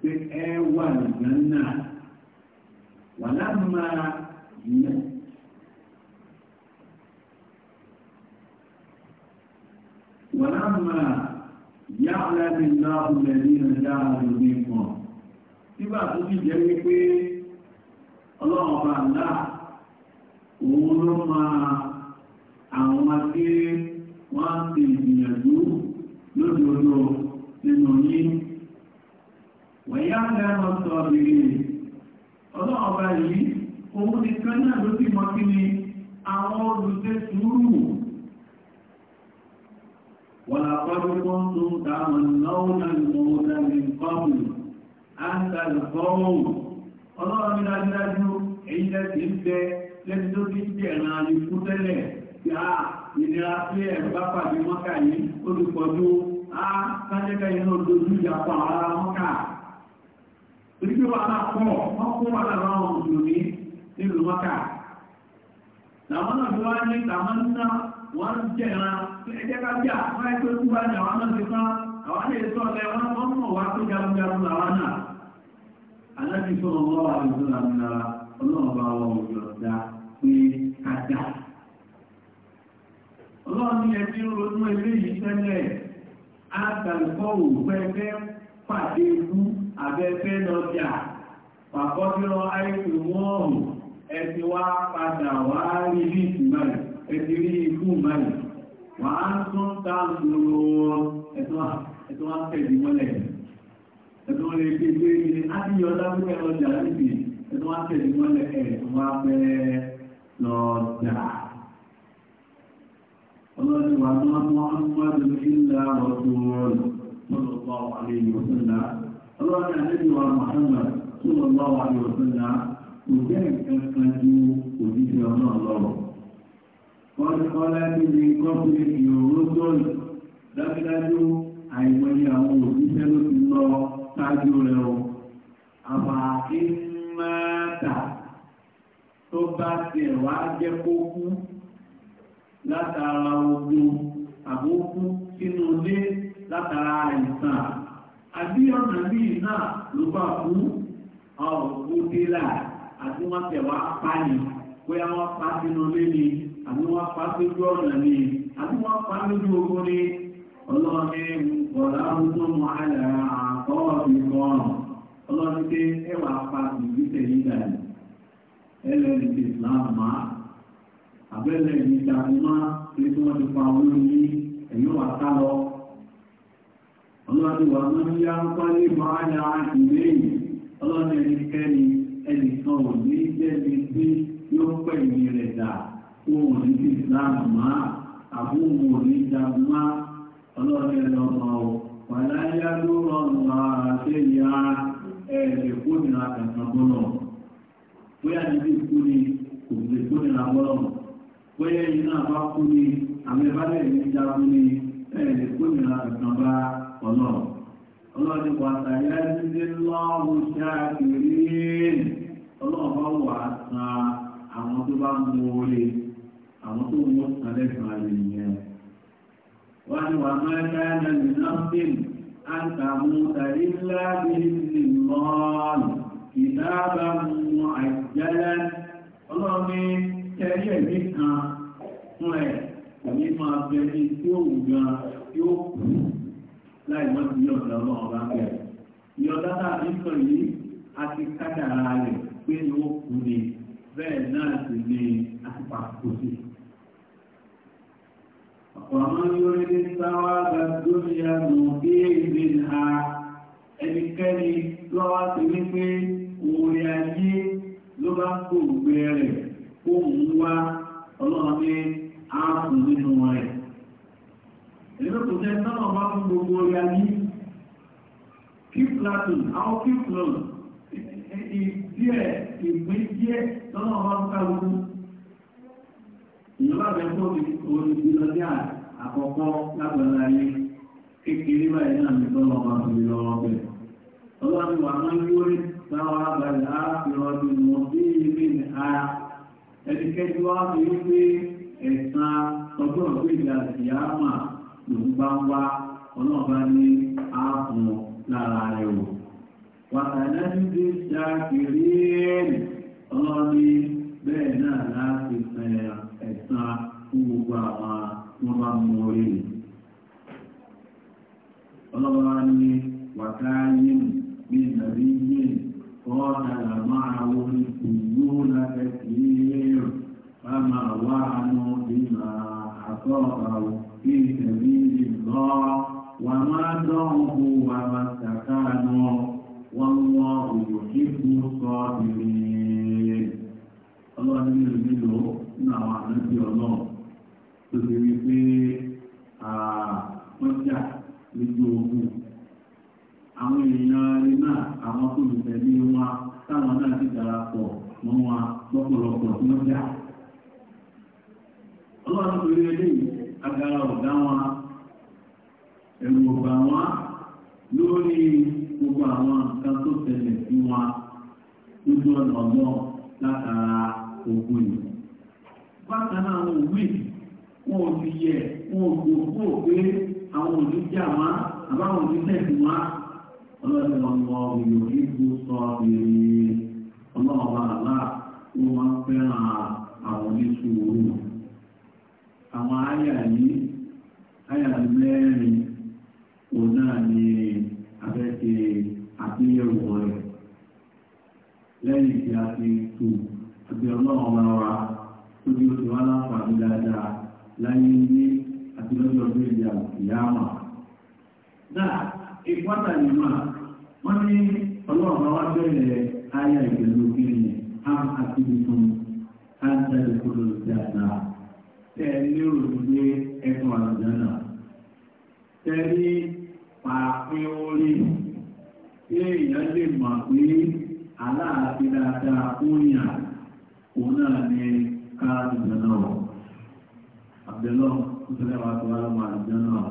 pé ẹ wà ní gánà wà lámà yìí. ولما يعلم الله الذين جاهدوا منكم nígbà tó ti jẹ́ wípé ọlọ́run bá ńlá òun ló máa àwọn tí wọ́n á ti ìgbìyànjú lójoojó nínú yín wẹ̀yà lẹ́nu sọ bèrè ọlọ́ọ̀bá yìí òun nìkan náà ló sì mọ kí ni àwọn olùdé sùúrù ولقد كنتم تعملون الموت من قبل أنت القوم ọlọ́run ní dájúdájú èyí lẹ́sìn ń bẹ lẹ́sìn tó fi ń ìnira tí ẹ̀ bá pàdé mọ́kà yìí ó ti pọ̀ tó á sájẹ́kẹ́ iná lójú ìyàpọ̀ ara mọ́kà orígbé wà náà pọ̀ wọ́n kó wà lára àwọn òṣèlú nílùú mọ́kà làwọn náà fi wá ní làwọn ná wọ́n jẹ̀ra ẹjẹ́ ká jà wọ́n ẹgbẹ́ kú bá ní àwọn náà ti tán àwọn náà ti sọ̀tẹ̀ wọ́n wọ́n mọ̀ wá pé jagunjagun làwọn náà aláàbí sọ̀rọ̀ wọ́n wà lójú làwọn náà ọlọ́run bá wọ òjò ọ̀dà pé ká jà ọlọ́run ní ẹbí ronú ilé yìí tẹ́lẹ̀ àgbàlùkọ́ òpẹ́fẹ́ pàdé ikú abẹ́fẹ́ lọ́jà pàkọ́bírọ̀ àìsù wọ́n ẹ̀sì wá padà wá rí ní ìsìnbáyì ẹ̀sì rí ikú báyì wà á tún tààtùrò ẹ̀tún àpẹẹ̀dì mọ́lẹ̀ ẹ̀tún lè fi gbé ilé ádìyọ lábúkẹ́ lọ́jà níbi ẹ̀tún àpẹẹ̀dì mọ́lẹ̀ ẹ̀tún wá pẹ́ lọ́jà ọlọ́ni wà máa mọ́ mọ́rin ilẹ̀ ọdún sallallahu alaihi wa sallam ọlọ́ni àlejò wa Muhammad sallallahu alaihi wa sallam kò jẹ́ nǹkan kan ju òjíṣẹ́ ọ̀nà lọ́wọ́ wọ́n kọ́ láti ní kọ́pìlì ìrònú tó bá tiẹ̀ wá jẹ́ kó kú látara ogun àbókú sínú ilé látara àìsàn àbí ọ̀nà bíi náà ló bá kú ọ̀gbọ́n tẹ́lá àti wọ́n tẹ̀ wá pààyàn bóyá wọ́n pa sínú ilé ni àbí wọ́n pa sójú ọ̀nà ni àbí wọ́n pa lójú ogun ni ọlọ́ọ̀ni bọ̀dá ọdún ọmọ àyà àkọ́wọ́ fi kọ́ọ̀nù ọlọ́ọ̀ni pé ẹwà pa ìgbésẹ̀ yíga ẹ̀ lẹ́yìn Islam máa àbẹ́lẹ̀ ìdíjà ọmọ ní tí wọ́n ti pa owó ní ẹ̀yìn wà sá lọ. ọlọ́dún wà máa ń yá pálí máa ya ìwé yìí ọlọ́dún ẹnikẹ́ni ẹnì kan ò ní jẹ́bi tí yóò pẹ̀ ní rẹ̀ dà ohun ní ti ìsìláàmù má àbúrò òní jagun má ọlọ́dún ẹlọ́mọ ò wàlá yá ló rọrùn àṣẹ ìyá ẹ̀ẹ́dẹ̀ kó nira kankan bọ́lọ̀ bóyá níbi ìkú ni kò lè kó nira bọ́lọ̀ bóyá iná bá kú ní àmẹ́bálẹ̀ ní jagun ní ẹ̀ẹ́dẹ̀ gómìnà ìkan bá ọlọ́run ọlọ́run pàtàkì ẹ̀ẹ́dẹ́ ṣáàkiri ọlọ́run wà á san àwọn tó bá mú orí àwọn tó mú sàlẹ̀sàn wọ́n ní wà ní lọ́ọ̀lù mú tẹ́lẹ̀ ní kan fún ẹ̀ kò ní máa bẹ ní tí ó wù gan tí ó kù láì wọ́n ti yọ̀dọ̀ náà bá bẹ̀. yọ̀dọ̀ náà nípa yìí a ti kádàrá rẹ̀ pé ni ó kù ni bẹ́ẹ̀ náà sì ni a ti pàṣẹ sí. ومن يريد ثواب الدنيا نؤتيه منها ẹnikẹ́ni lọ́wọ́ ti wípé orí ayé ló bá kó gbé rẹ̀ òun wá ọlọ́run ní ààfùn nínú rẹ̀. Èmi kò jẹ́ sọ́nà bá fún gbogbo orí ayé. Kíp Latin, àwọn kíp lọ́n, ìdíẹ̀, ìpín díẹ̀ sọ́nà bá fún kálukú. Ìjọba bẹ̀rẹ̀ fún mi orí ìlọdí àkọ́kọ́ lágbàlá ayé. Kékeré báyìí náà ní sọ́nà bá fún mi lọ́wọ́ bẹ̀rẹ̀. Ọlọ́run wà máa ń yóò rí sáwọn àgbàlá àfihàn ọdún mọ́ sí ilé ìhà ẹnikẹ́ni wá ní wípé ẹ̀sán ọjọ́ ìwé ìjà ìyáàmà lòún bá ń wá ọlọ́ọ̀bá ní ààbùn lára rẹ̀ o. wàtàlá dídé ṣàkiri ẹ̀rì ọlọ́ọ̀ni bẹ́ẹ̀ náà láti ẹ̀sán fún gbogbo àwọn wọn bá mú orí ọlọ́ọ̀bá ní wàtàlá. wọ́n máa ojú ọ̀nà ọ̀nà látara ogun yìí. bákan náà wọn ò yẹ wọn ò àwọn òní àbáwọn òní tẹ̀sí ọmọ ìlú sọ ìrìn ọlọ́ọ̀bá àlá wọn máa ń àwọn oníṣòwò àwọn àyà yìí àyà mẹ́rin òun náà ni abẹ́ lẹ́yìn tí a ti tù àbí ọlọ́run máa wa tó bí ó ti wá láǹfààní dáadáa láyé ní àti lọ́jọ́ ọdún ìyá ìyáàmà. Náà ìpátá yìí máa wọ́n ní ọlọ́run máa wá bẹ̀rẹ̀ ayé ìgbẹ̀lú kìíní á àti tuntun á ń jáde kúrò dáadáa. Tẹ́ ẹ lérò wípé ẹ̀kọ́ àlùjáná. Tẹ́ ní pàápín orí ilé ìyá lè mọ̀ pé aláàfin dáadáa kúnyà òun náà ní káàdì náà àbẹ̀lọ́ nítorí àwọn àti wàhálà máa jẹ́ náà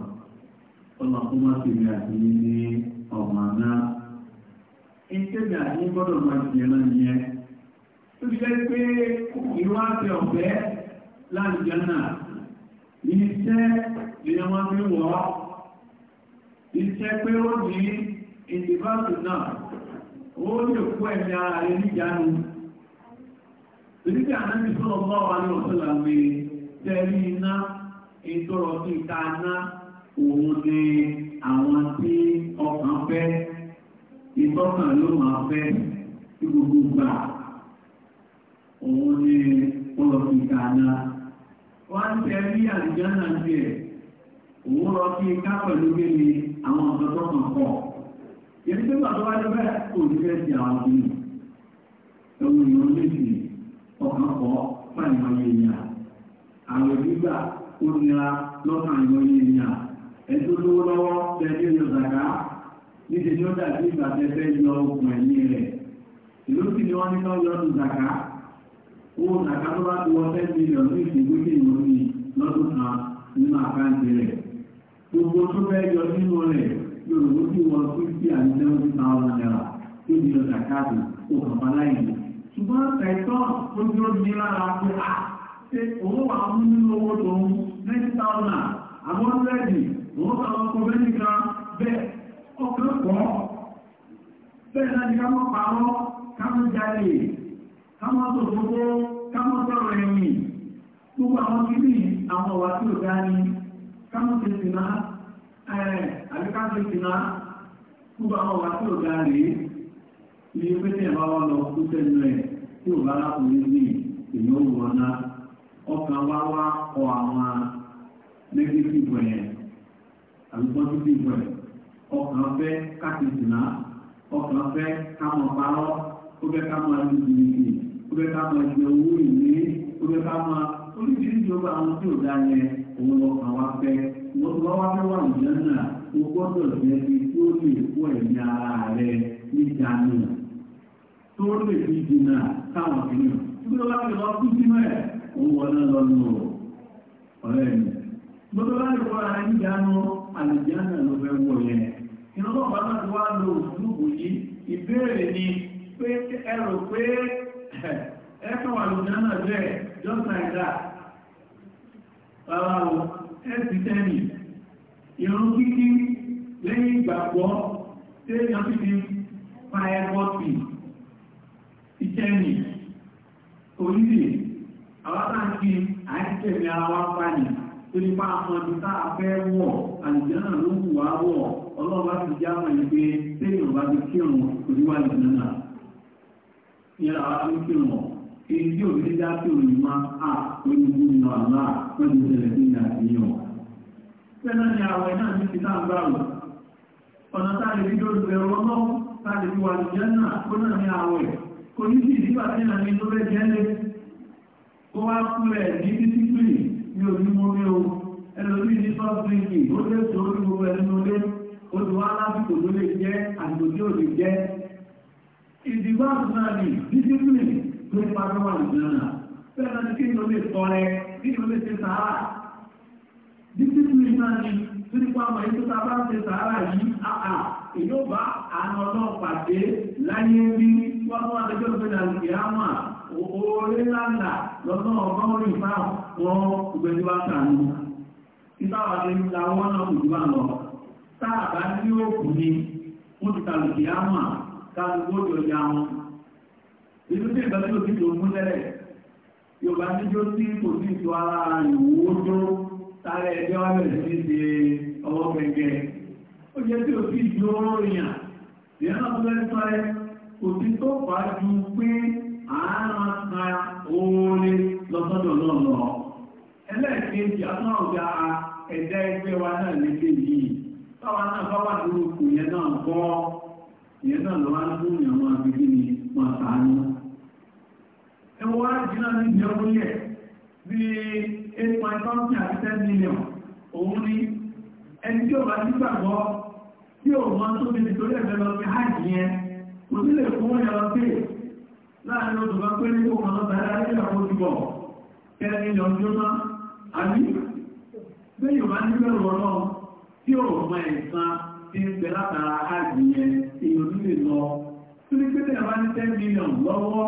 ọmọ kó má ti rí àti ní ní ọmọ náà. ìkéde àti gbọ́dọ̀ máa ti yẹn náà yẹn. ó ti jẹ́ pé ìlú àti ọ̀fẹ́ láti jẹ́ náà iṣẹ́ èèyàn fi wọ́ iṣẹ́ pé ó ní ìdìbàtù náà. ó lè kó ẹ̀mí ara rẹ̀ níjánu oníkẹ́ ànábì sọ́lọ́ bá wà ní ọ̀sẹ̀ làwọn tẹ́rí iná ìtọ́rọ̀ sí ìta iná òun ni àwọn tí ọkàn fẹ́ ìtọ́kàn ló máa fẹ́ gbogbo gbà òun ni sí ìta iná wọ́n àdìjọ́ náà òun lọ sí èyí tó gbà tó wá lọ bẹ́ẹ̀ kò ní fẹ́ ti àwọn ọdún yìí ẹ̀wù ìwọ̀n méjì ọ̀kan kọ́ fáìmọ̀ ayé ènìyàn àwẹ̀ gbígbà ó nira lọ́nà àìmọ̀ ayé ènìyàn ẹ̀tọ́ lówó lọ́wọ́ tẹ̀lé yọ zàká níṣẹ́ ni ó dàbí ìgbà tẹ fẹ́ yọ okùn ẹ̀mí rẹ̀ ìlú sì ni wọ́n ní kọ́ yọ ọdún zàká owó zàká tó bá ti wọ ten million ní ìsìnkúté lọ́dún kan nínú àkáǹtì rẹ̀ gbogbo tó fẹ́ yọ nínú rẹ̀ yóò wọ́n tí wọ́n fún sí àdíjẹ́ wọn ti ta ọ̀rọ̀ náírà tó di ọjà káàdì kó kàfà láìní. ṣùgbọ́n ẹ̀tọ́ ó ti ó di lára pé à ṣe òun wà mú nínú owó tòun ninety thousand àwọn ọ̀rẹ́dì òun kà wọn kọ bẹ́ẹ̀ nìkan bẹ́ẹ̀ ọkàn pọ̀ bẹ́ẹ̀ náà ni ká mọ̀ pààrọ̀ ká mọ̀ jalè ká mọ̀ ṣòfófó ká mọ̀ sọ̀rọ̀ ẹ̀yìn gbogbo àwọn kìíní àwọn ọ̀wà tí ò dání ká mọ̀ tẹ̀sí náà àbíkáṣe ìsìnà púpọ̀ àwọn wà tí ò dá rèé ní pé tí ẹ̀bá wà lọ kú sẹ́nu ẹ̀ tí ò bá lákùnrin ní èèyàn òwò ọ̀nà ọkàn wá wá kọ àwọn negative ẹ̀ àbí positive ẹ̀ ọkàn fẹ́ káṣe ìsìnà ọkàn fẹ́ kámọ̀ parọ́ ó fẹ́ kámọ̀ ẹni jìnnìkì ó fẹ́ kámọ̀ ẹgbẹ́ owó ìní ó fẹ́ kámọ̀ oríṣiríṣi ọgbà àwọn tí ò dá yẹn òun lọ́kàn lọ́wọ́ tó wà ní o gbọ́dọ̀ jẹ́ bí tí ó lè kó ẹ̀mí ara rẹ níjànú tó lè fi jìnnà káwọn ènìyàn. Ibi tó bá ti lọ kú sínú ẹ̀, òun wọlé lọ nù ọ̀rẹ́ mi. Gbogbo bá ti wọ́n ara níjànú àlùjáná ló fẹ́ wọ̀ yẹn. Ìrọ̀lọ́ bá ti wá lo òṣùlùkù yìí, ìbéèrè ni pé ẹ rò pé ẹ kàn wà lùjáná bẹ́ẹ̀ just like ẹ̀sìtẹ́nì ìrún kíkí lẹ́yìn ìgbàgbọ́ tẹ́yàn sí ti fa fire ìtẹ́nì orílẹ̀ àwátáǹkì àìsẹ̀mì ara wá pàní tó ní bá àmọ́dé tá a fẹ́ wọ̀ àlùjànnà ló wù wá wọ̀ ọlọ́ọ̀bá ti já ní pé tẹ́yàn bá ti kírun èyí ò ní dá sí òní máa à onígbó ní ọ̀la wọ́n ti tẹ̀lé sí ìyá àtìyàn. Bẹ́ẹ̀ ni àwọn iná ní ti náà gbà rò. Ọ̀nà táàlì bí ló lè rọ lọ́ táàlì bí wà ní Jẹ́nà ó náà ní àwẹ̀. Kò ní sí ìdígbà tí ìlànà inú rẹ̀ jẹ́lé. Ó wá kúrẹ̀ ní títí pìlì ní òní mo ní o. Ẹlòmíì ní sọ́ọ̀tìrìkì ó lè tó orí gbogbo ẹni mo lé. Olùwà lásìkò tó lè jẹ́ àgbòdì òdì jẹ́. Ìdìbò àtúnáàlì dísípìlì nípa tó wà nìyànà bẹ́ẹ̀ náà ni kí ni o lè tọrẹ kí ni o lè ṣe sàárà dísìkú iná ni tó nípa àmọ́ èyí tó ta bá ń ṣe sàárà yìí àà èyí ó bá àna ọlọ́run pàdé láyé rí wọ́n tó wà lọ́jọ́ ìgbéra ìyáàmà orí lánàá lọ́nà ọgọ́rin fáwọn wọn ìgbẹ́jú wa sàánú ìtawà lè la wọ́n náà kò jùlọ lọ táàbá ní òkú ni wọ́n ti kàlùkì àmà kàlùkì ó jọjà wọn ìlú tí ìgbà tí o ti tó mú tẹ́lẹ̀ yorùbá níjó tí kò sí ìtò ara ìwò tó sáré ẹgbẹ́ wa bẹ̀rẹ̀ sí ṣe ọwọ́ gẹ́gẹ́ ó jẹ́ tí o ti jó rìnyàn ìyá náà fẹ́ sọ ẹ kò sí tó fà á ju pé àárọ̀ ka oore lọ́sọ́dọ̀ náà lọ ẹlẹ́ẹ̀kejì àtúnwà ọ̀gá ẹ̀dá ẹgbẹ́ wa náà lè lè yìí táwa náà bá wà lórúkọ yẹn náà gbọ́ yẹn náà lọ́wọ́ á ń ìyàwó àgbègbè ni wọ́n sàánú ẹwọ wá jìnnà ní ìjọ lórí ẹ̀ bí 8.5 àti 10 million òun ni ẹni tí ó bá ti gbàgbọ́ tí ó mọ́ tó fi nítorí ẹ̀fẹ́ lọ sí hajj yẹn kò sí lè fún ẹ̀rọ pé láàrin oṣù kan pé ní kò mọ́ lọ́ta ẹ̀rọ ilé àwọn olùgbọ̀ million tí ó mọ́ àbí bẹ́ẹ̀ yóò bá ní bẹ́ẹ̀ rọ̀ náà tí ó mọ ẹ̀sán ti ń bẹ látara hajj yẹn èèyàn nílé lọ tí ní pété ẹ̀ ní 10 million lọ́wọ́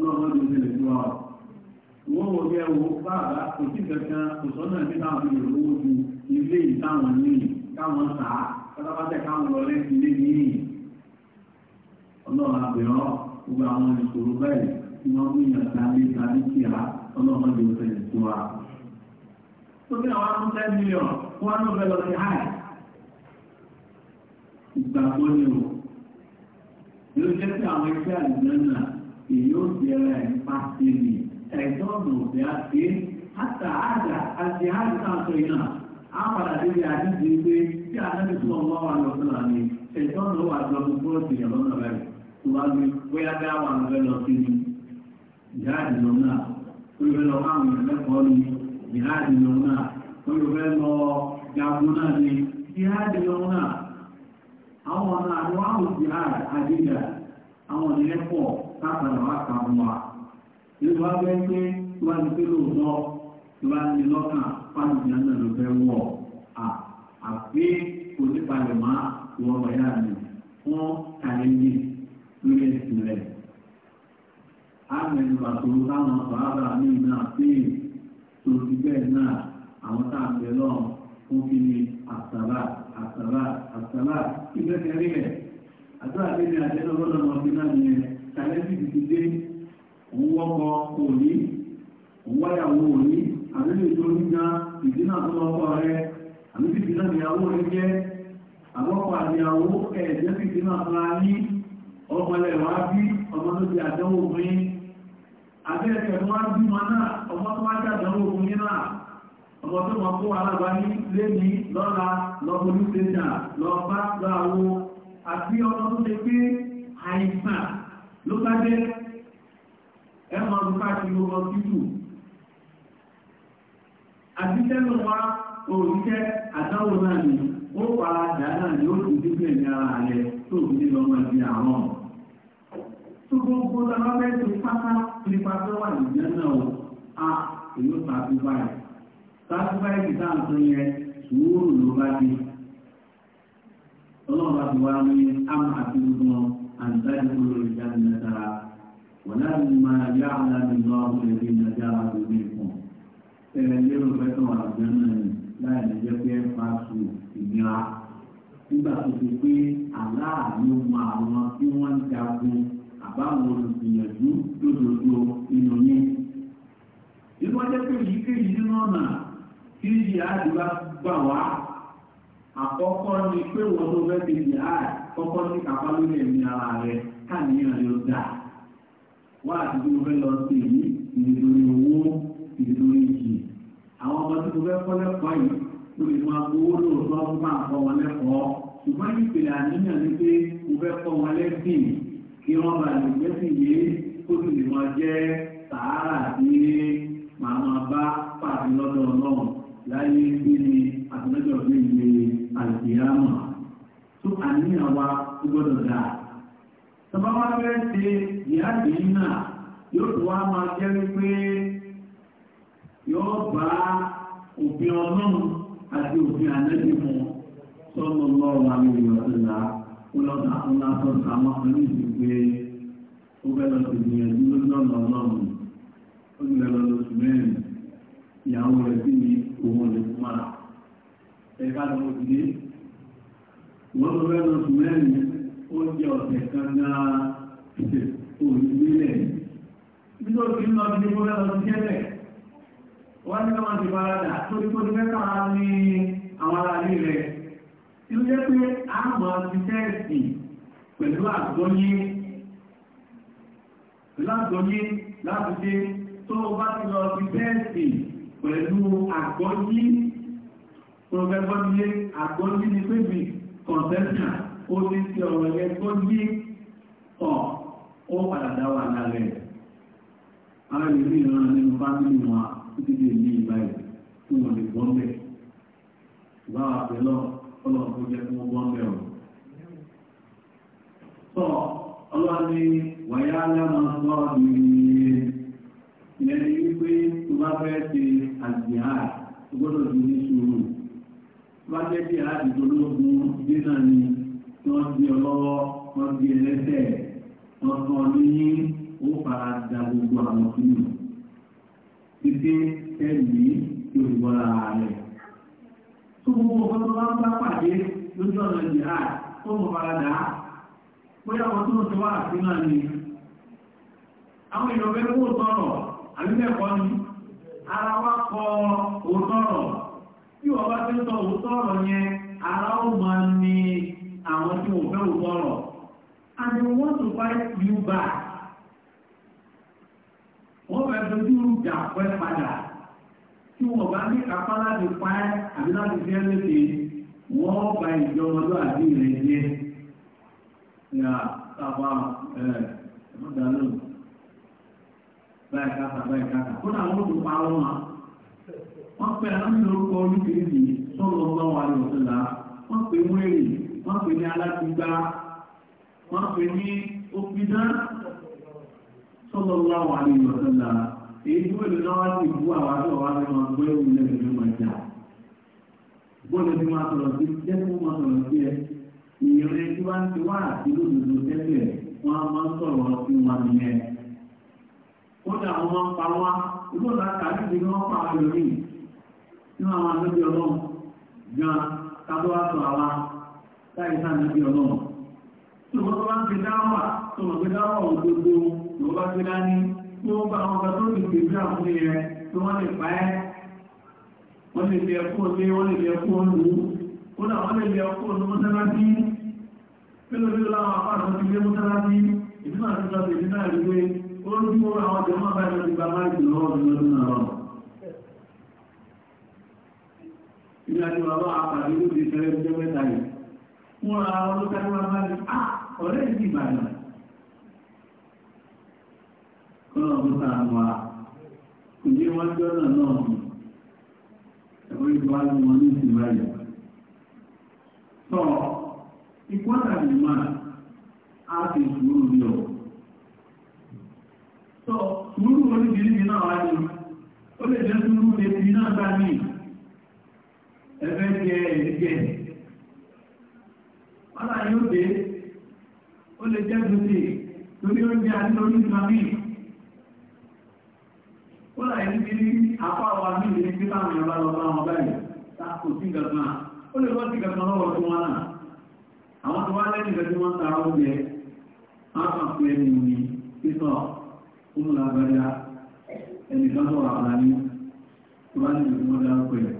ọlọ́run ló ti lè fún wa wọ́n wò ní ẹwọ báàbá kò sí kankan kò sọ́nà ní káwọn èèyàn lówó ju ilé ìtàwọn ní káwọn tà á pátápátá káwọn lọ lẹ́sìn ilé ní ọlọ́run àbẹ̀rọ gbogbo àwọn ìṣòro bẹ́ẹ̀ tí wọ́n high ìgbàgbọ́ ni o yóò jẹ́ sí àwọn ẹgbẹ́ àlùmọ́ náà èyí ó di ẹran ẹ̀ nípa sí ni ẹ̀dọ́ ọ̀nà òbí àti àtà àjà àti àjà àtọ̀ iná á padà débi àdíjì pé tí àdájọ́ tó ọmọ wa lọ sí lànà ẹ̀dọ́ ọ̀nà wà lọ sí bọ́ọ̀sì ìyàwó náà rẹ̀ tó wá gbé bóyá bí àwọn àgbẹ̀ lọ sí ni ìyá àdìlọ náà olùfẹ́ lọ máa wọ̀nyẹn lẹ́kọ̀ọ́ ni ìyá àdìlọ náà olùfẹ́ lọ jagun náà ni ìyá àdìlọ náà àwọn ọ̀nà àwọn àwòsí àdìjà àwọn ọ̀nà ẹ̀kọ́ káàkiri àwọn àkàwọn wa nígbà wọn fẹ́ pé wọn ti pé lóòótọ́ wọn ti lọ́kàn fáwọn ìyá náà ló fẹ́ wọ̀ àfi kò ní palẹ̀ mọ́ wọn wọ̀nyá mi fún kàlẹ́yìn lórí ẹ̀sìn rẹ̀. àmẹ́nu àtòrò táwọn bàbá mi náà pè é tó ti bẹ́ẹ̀ náà àwọn tá a fẹ́ lọ́wọ́ fún kí ni àtàrà àtàrà àtàrà ìgbẹ́kẹ̀rí rẹ̀ àtàrà tí ni àjẹ́lọ́gbọ́dọ̀ wọn fi náà nìyẹn tàlẹ́sì ti dé òun wọ́kọ̀ òní òun wáyàwó òní àbílẹ̀ tó ń ná ìdínà tó lọ́kọ̀ rẹ àbílẹ̀ ìdínà ìyàwó rẹ jẹ́ àbọ̀pọ̀ àyàwó ẹ̀ẹ́dẹ́ ìdínà tó la ní ọmọlẹ̀ wá bí ọmọ tó ti àdánwò fún yín abẹ́ẹ̀kẹ́ tó wá bí wọn náà ọmọ tó wá jàdánwò fún yín náà ọmọ tó wọn kó alábá ní lẹ́ni lọ́la lọ́pọ̀ ní tẹ̀sán lọ́pá láwo àti ọmọ tó ti pé àìsàn ló bá dé ẹ mọ ọdún káàkiri ọmọ títù àtijọ́ òṣìṣẹ́ àdáwò náà ni ó fara dà náà ni ó sì ti bẹ̀rẹ̀ ní ara rẹ tó fi ní lọ́mọ ti àwọn. tó gbogbo lọ́wọ́ bẹ́ẹ̀ tó pátá nípa tó wà náà o a èyí ó báyìí báyìí kìí أن تدخلوا الجنة ولما يعلم الله الذين جاهدوا منكم ẹlẹ́yìn rẹ̀fẹ́tọ̀ àgbẹ̀mọ̀ ni láì lè jẹ́ pé fásù ìnira nígbà tó ti pé aláàánú mọ àwọn tí wọ́n ń jagun àbáwọn olùgbìyànjú lódodo inú yín. inú ọjọ́ pé èyíkéyìí nínú ọ̀nà tí ìyá àdúrà gbà wá àkọ́kọ́ ni pé wọ́n tó fẹ́ ti yá àdúrà kọ́kọ́ ní kápá lórí ẹ̀mí ara rẹ̀ káàníyàn ló dà wá àtijọ́ mo fẹ́ lọ sí èyí ìdítorí owó ìdítorí ìjì àwọn ọmọ tí mo fẹ́ kọ́ lẹ́kọ̀ọ́ yìí mo lè máa gbowó lóòótọ́ fún máa kọ́ wọn lẹ́kọ̀ọ́ ṣùgbọ́n ìpìlẹ̀ àníyàn ni pé mo fẹ́ kọ́ wọn lẹ́sìn kí wọ́n bá lè gbẹ́sìn yìí kó sì lè máa jẹ́ sàárà sí màá bá pàdé lọ́dọ̀ ọlọ́run láyé gbé àtúnṣe ọ̀gbìn ní àlùfíàmù tó àníyàn wa gbọ́dọ̀ dà. Tọ́ba wá fẹ́ ṣe ìyáàdì náà yóò tó wá máa jẹ́ wípé yóò bá òfin ọlọ́run àti òfin ànẹ́bí mu sọ́nà lọ́wọ́ àmì ìwọ̀sẹ̀lá ńlọ́ta ńlátọ́ sàmọ́ pẹ̀lú ìgbé ó fẹ́ lọ sí ìgbìyànjú lọ́nà ọlọ́run ó sì lọ lóṣù mẹ́rin ìyàwó rẹ̀ sí ni òun lè fún wa. Ẹ̀ka ló ti dé wọ́n tó fẹ́ràn oṣù mẹ́rin ó jẹ ọ̀sẹ̀ kan náà òṣìlélẹ̀ nítorí kí n lọ sí ipò mẹ́rin ọdún tẹ́lẹ̀ wọ́n ní káwọn ti fara dà torí kó ti mẹ́ta ní àwọn ará ní rẹ̀ tí ó jẹ́ pé àmọ́ ti tẹ́ẹ̀sì pẹ̀lú àgbọ́yé lágbọ́yé lábùdé tó bá ti lọ sí tẹ́ẹ̀sì pẹ̀lú àgbọ́yé tó fẹ́ ni pé bìí kọ̀ǹtẹ́sà ó ní tí ọ̀rọ̀ yẹ tó yí ọ̀ ó padà dá wà lálẹ́ ara yìí ní ìran nínú fámìlì wọn títí di èmi ìbáyìí tí wọn lè gbọ́n bẹ̀ ìbá wa pè lọ ọlọ́ tó jẹ́ kí wọ́n gbọ́n bẹ̀ ọ̀ sọ ọlọ́ni wàyá aláma sọ ìrìn ìyẹn ni wípé tó bá fẹ́ ṣe àjẹ́ gbọ́dọ̀ ti ní sùúrù wá jẹ́ bí aládùúgbò lóògùn ilé náà ni wọ́n gbé ọ lọ́wọ́ wọ́n gbé ẹlẹ́sẹ̀ wọ́n fún ọ ní ó fara da gbogbo àwọn fúnmi títí ẹ̀mí olùwọ́ra rẹ̀. tó gbogbo ọ̀gá tó wá ń bá pàdé lójú ọ̀nà ìyá tó mọ̀ fara dà á bóyá wọn tó ń ti wá àfin náà ni. àwọn èèyàn fẹ́ kó tọrọ àbí bẹ́ẹ̀ ni ara wa kọ òótọ́rọ̀ tí wọ́n bá ti ń sọ òótọ́ ọ̀rọ̀ yẹn ara ó máa ní àwọn tí wọ́n fẹ́ òótọ́ ọ̀rọ̀ and they want to fight you back wọ́n fẹ́ dojú ìjà pẹ́ padà tí wọ́n bá ní kápá láti pa ẹ́ àbí láti fi ẹ́ léde wọ́n gba ìjọ ọjọ́ àti ìrìn yẹn. ìyá sábà ẹ̀ ẹ̀ mọ́ta lónìí báyìí káta báyìí káta kó náà wọ́n tún pa ọ́ máa wọ́n pẹ́ aláàmì lórúkọ olúkèrèdì sọ́lọ́ ọgbọ́n wa lọ sílá wọ́n pè wéèrè wọ́n pè ní alágbígbá wọ́n pè ní òpìdá sọ́lọ́ ọgbọ́n wa lọ sílá èyí tó lè náwó ti bú àwọn àjọ wa ní wọn gbé òun lẹ́nu ní wọn jà gbọ́dọ̀ ní wọn sọ̀rọ̀ sí jẹ́kú wọn sọ̀rọ̀ sí ẹ ìrìn tí wọ́n ti wá àti lódodo tẹ́lẹ̀ wọ́n á máa ń sọ̀rọ̀ sí wọn nìyẹn kódà wọn máa ń pa wá ìgbọ́dọ̀ àtàlẹ́ ìdílé wọn pa àwọn ẹlòmíì nínú àwọn anábì ọlọ́run gan kábó àwa láì sá ọlọ́run tó mọ́ tó bá ń fi dáwà tó mọ̀ pé dáwà òdodo ló bá fi dání tó bá àwọn ọba tó ti pèsè àwọn yẹn tó wọ́n lè pa ẹ́ wọ́n lè fi ẹ̀kọ́ lé wọ́n lè fi ẹ̀kọ́ lù ú kódà wọ́n lè fi ẹ̀kọ́ lù mọ́sálásí pẹ́lú láwọn apáàtọ̀ ti lé mọ́sálásí ìdúnà ilé àti bàbá àpàdé ló ti fẹ́rẹ́ ọjọ́ mẹ́ta yìí wọ́n ra máa ní à ọ̀rẹ́ ìdí ìbàdàn a kò ní wọ́n jọ́ náà náà ìgbà wọn ní ìsìn báyìí tọ́ máa á ti sùúrù ọ̀ tọ́ sùúrù náà wáyé ó lè jẹ́ sùúrù náà ẹgbẹ́ jẹ ìdíje wọn náà yóò dé ó lè jẹ́ gbèsè lórí oúnjẹ àti lórí ìgbàmí ó là yìí ti ní apá wa ní ìlú tí láwọn ìyàbá lọ bá wọn báyìí tá kò sí gàgbà ó lè lọ sí gàgbà lọ́wọ́ tí wọ́n náà àwọn tó wá lẹ́yìn ìgbà tí wọ́n ta oúnjẹ wọ́n kàn fún ẹni òní títọ̀ ó mú làgbàjá ẹnìkan sọ̀rọ̀ àbáyé tó bá ní ìgbìmọ̀ dárúkọ yẹn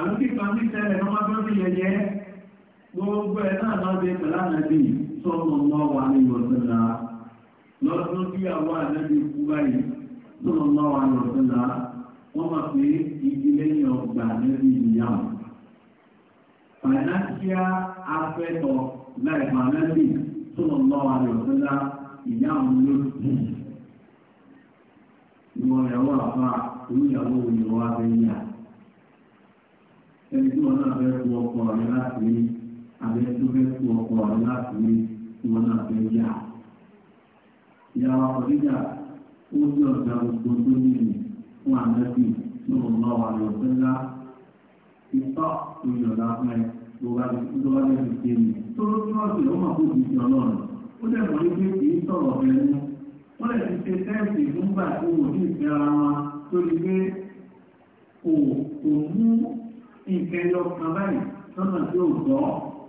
àlùkí kan ní tẹ́lẹ̀ ló máa bọ́ sí yẹyẹ gbogbo ẹ̀ náà máa bẹ pẹ̀lú ànábì sọ́nà ọmọ wa ní ìwọ̀sánlá lọ́dún tí àwọn ànábì kú báyìí sọ́nà ọmọ wa ní ìwọ̀sánlá wọ́n máa pè é igi lẹ́yìn ọgbà ànábì ìyàwó. fàìnáṣíà afẹ́tọ̀ láìpẹ́ ànábì sọ́nà ọmọ wa ní ìwọ̀sánlá ìyàwó ló kù. ìwọ̀n ìyàwó àbá oníyàwó òyìnbó abẹ́yà ẹni tí wọn náà fẹ́ fún ọkọ rẹ láti rí àbẹ tó fẹ́ fún ọkọ rẹ láti rí tí wọn náà fẹ́ yá. ìyàwó àkọ́díjà ó ní ọ̀gá gbogbo tó nílì fún àmẹ́bí lóun náà wà lọ sẹ́lá ìtọ́ ìyọ̀dá fún ẹ tó bá lè fi ṣe mi. tó ló tún ọ̀sẹ̀ ó mà kó ti ṣe ọlọ́run ó dẹ̀ mọ̀ ní kì í sọ̀rọ̀ bẹ́ẹ̀ ni wọ́n lè ti ṣe tẹ́ẹ̀sì fúngbà tó wò ní ìfẹ́ ara wọn tó lè gbé kò kò mú nǹkan ẹyọ kan báyìí lọ́nà tí ó gbọ́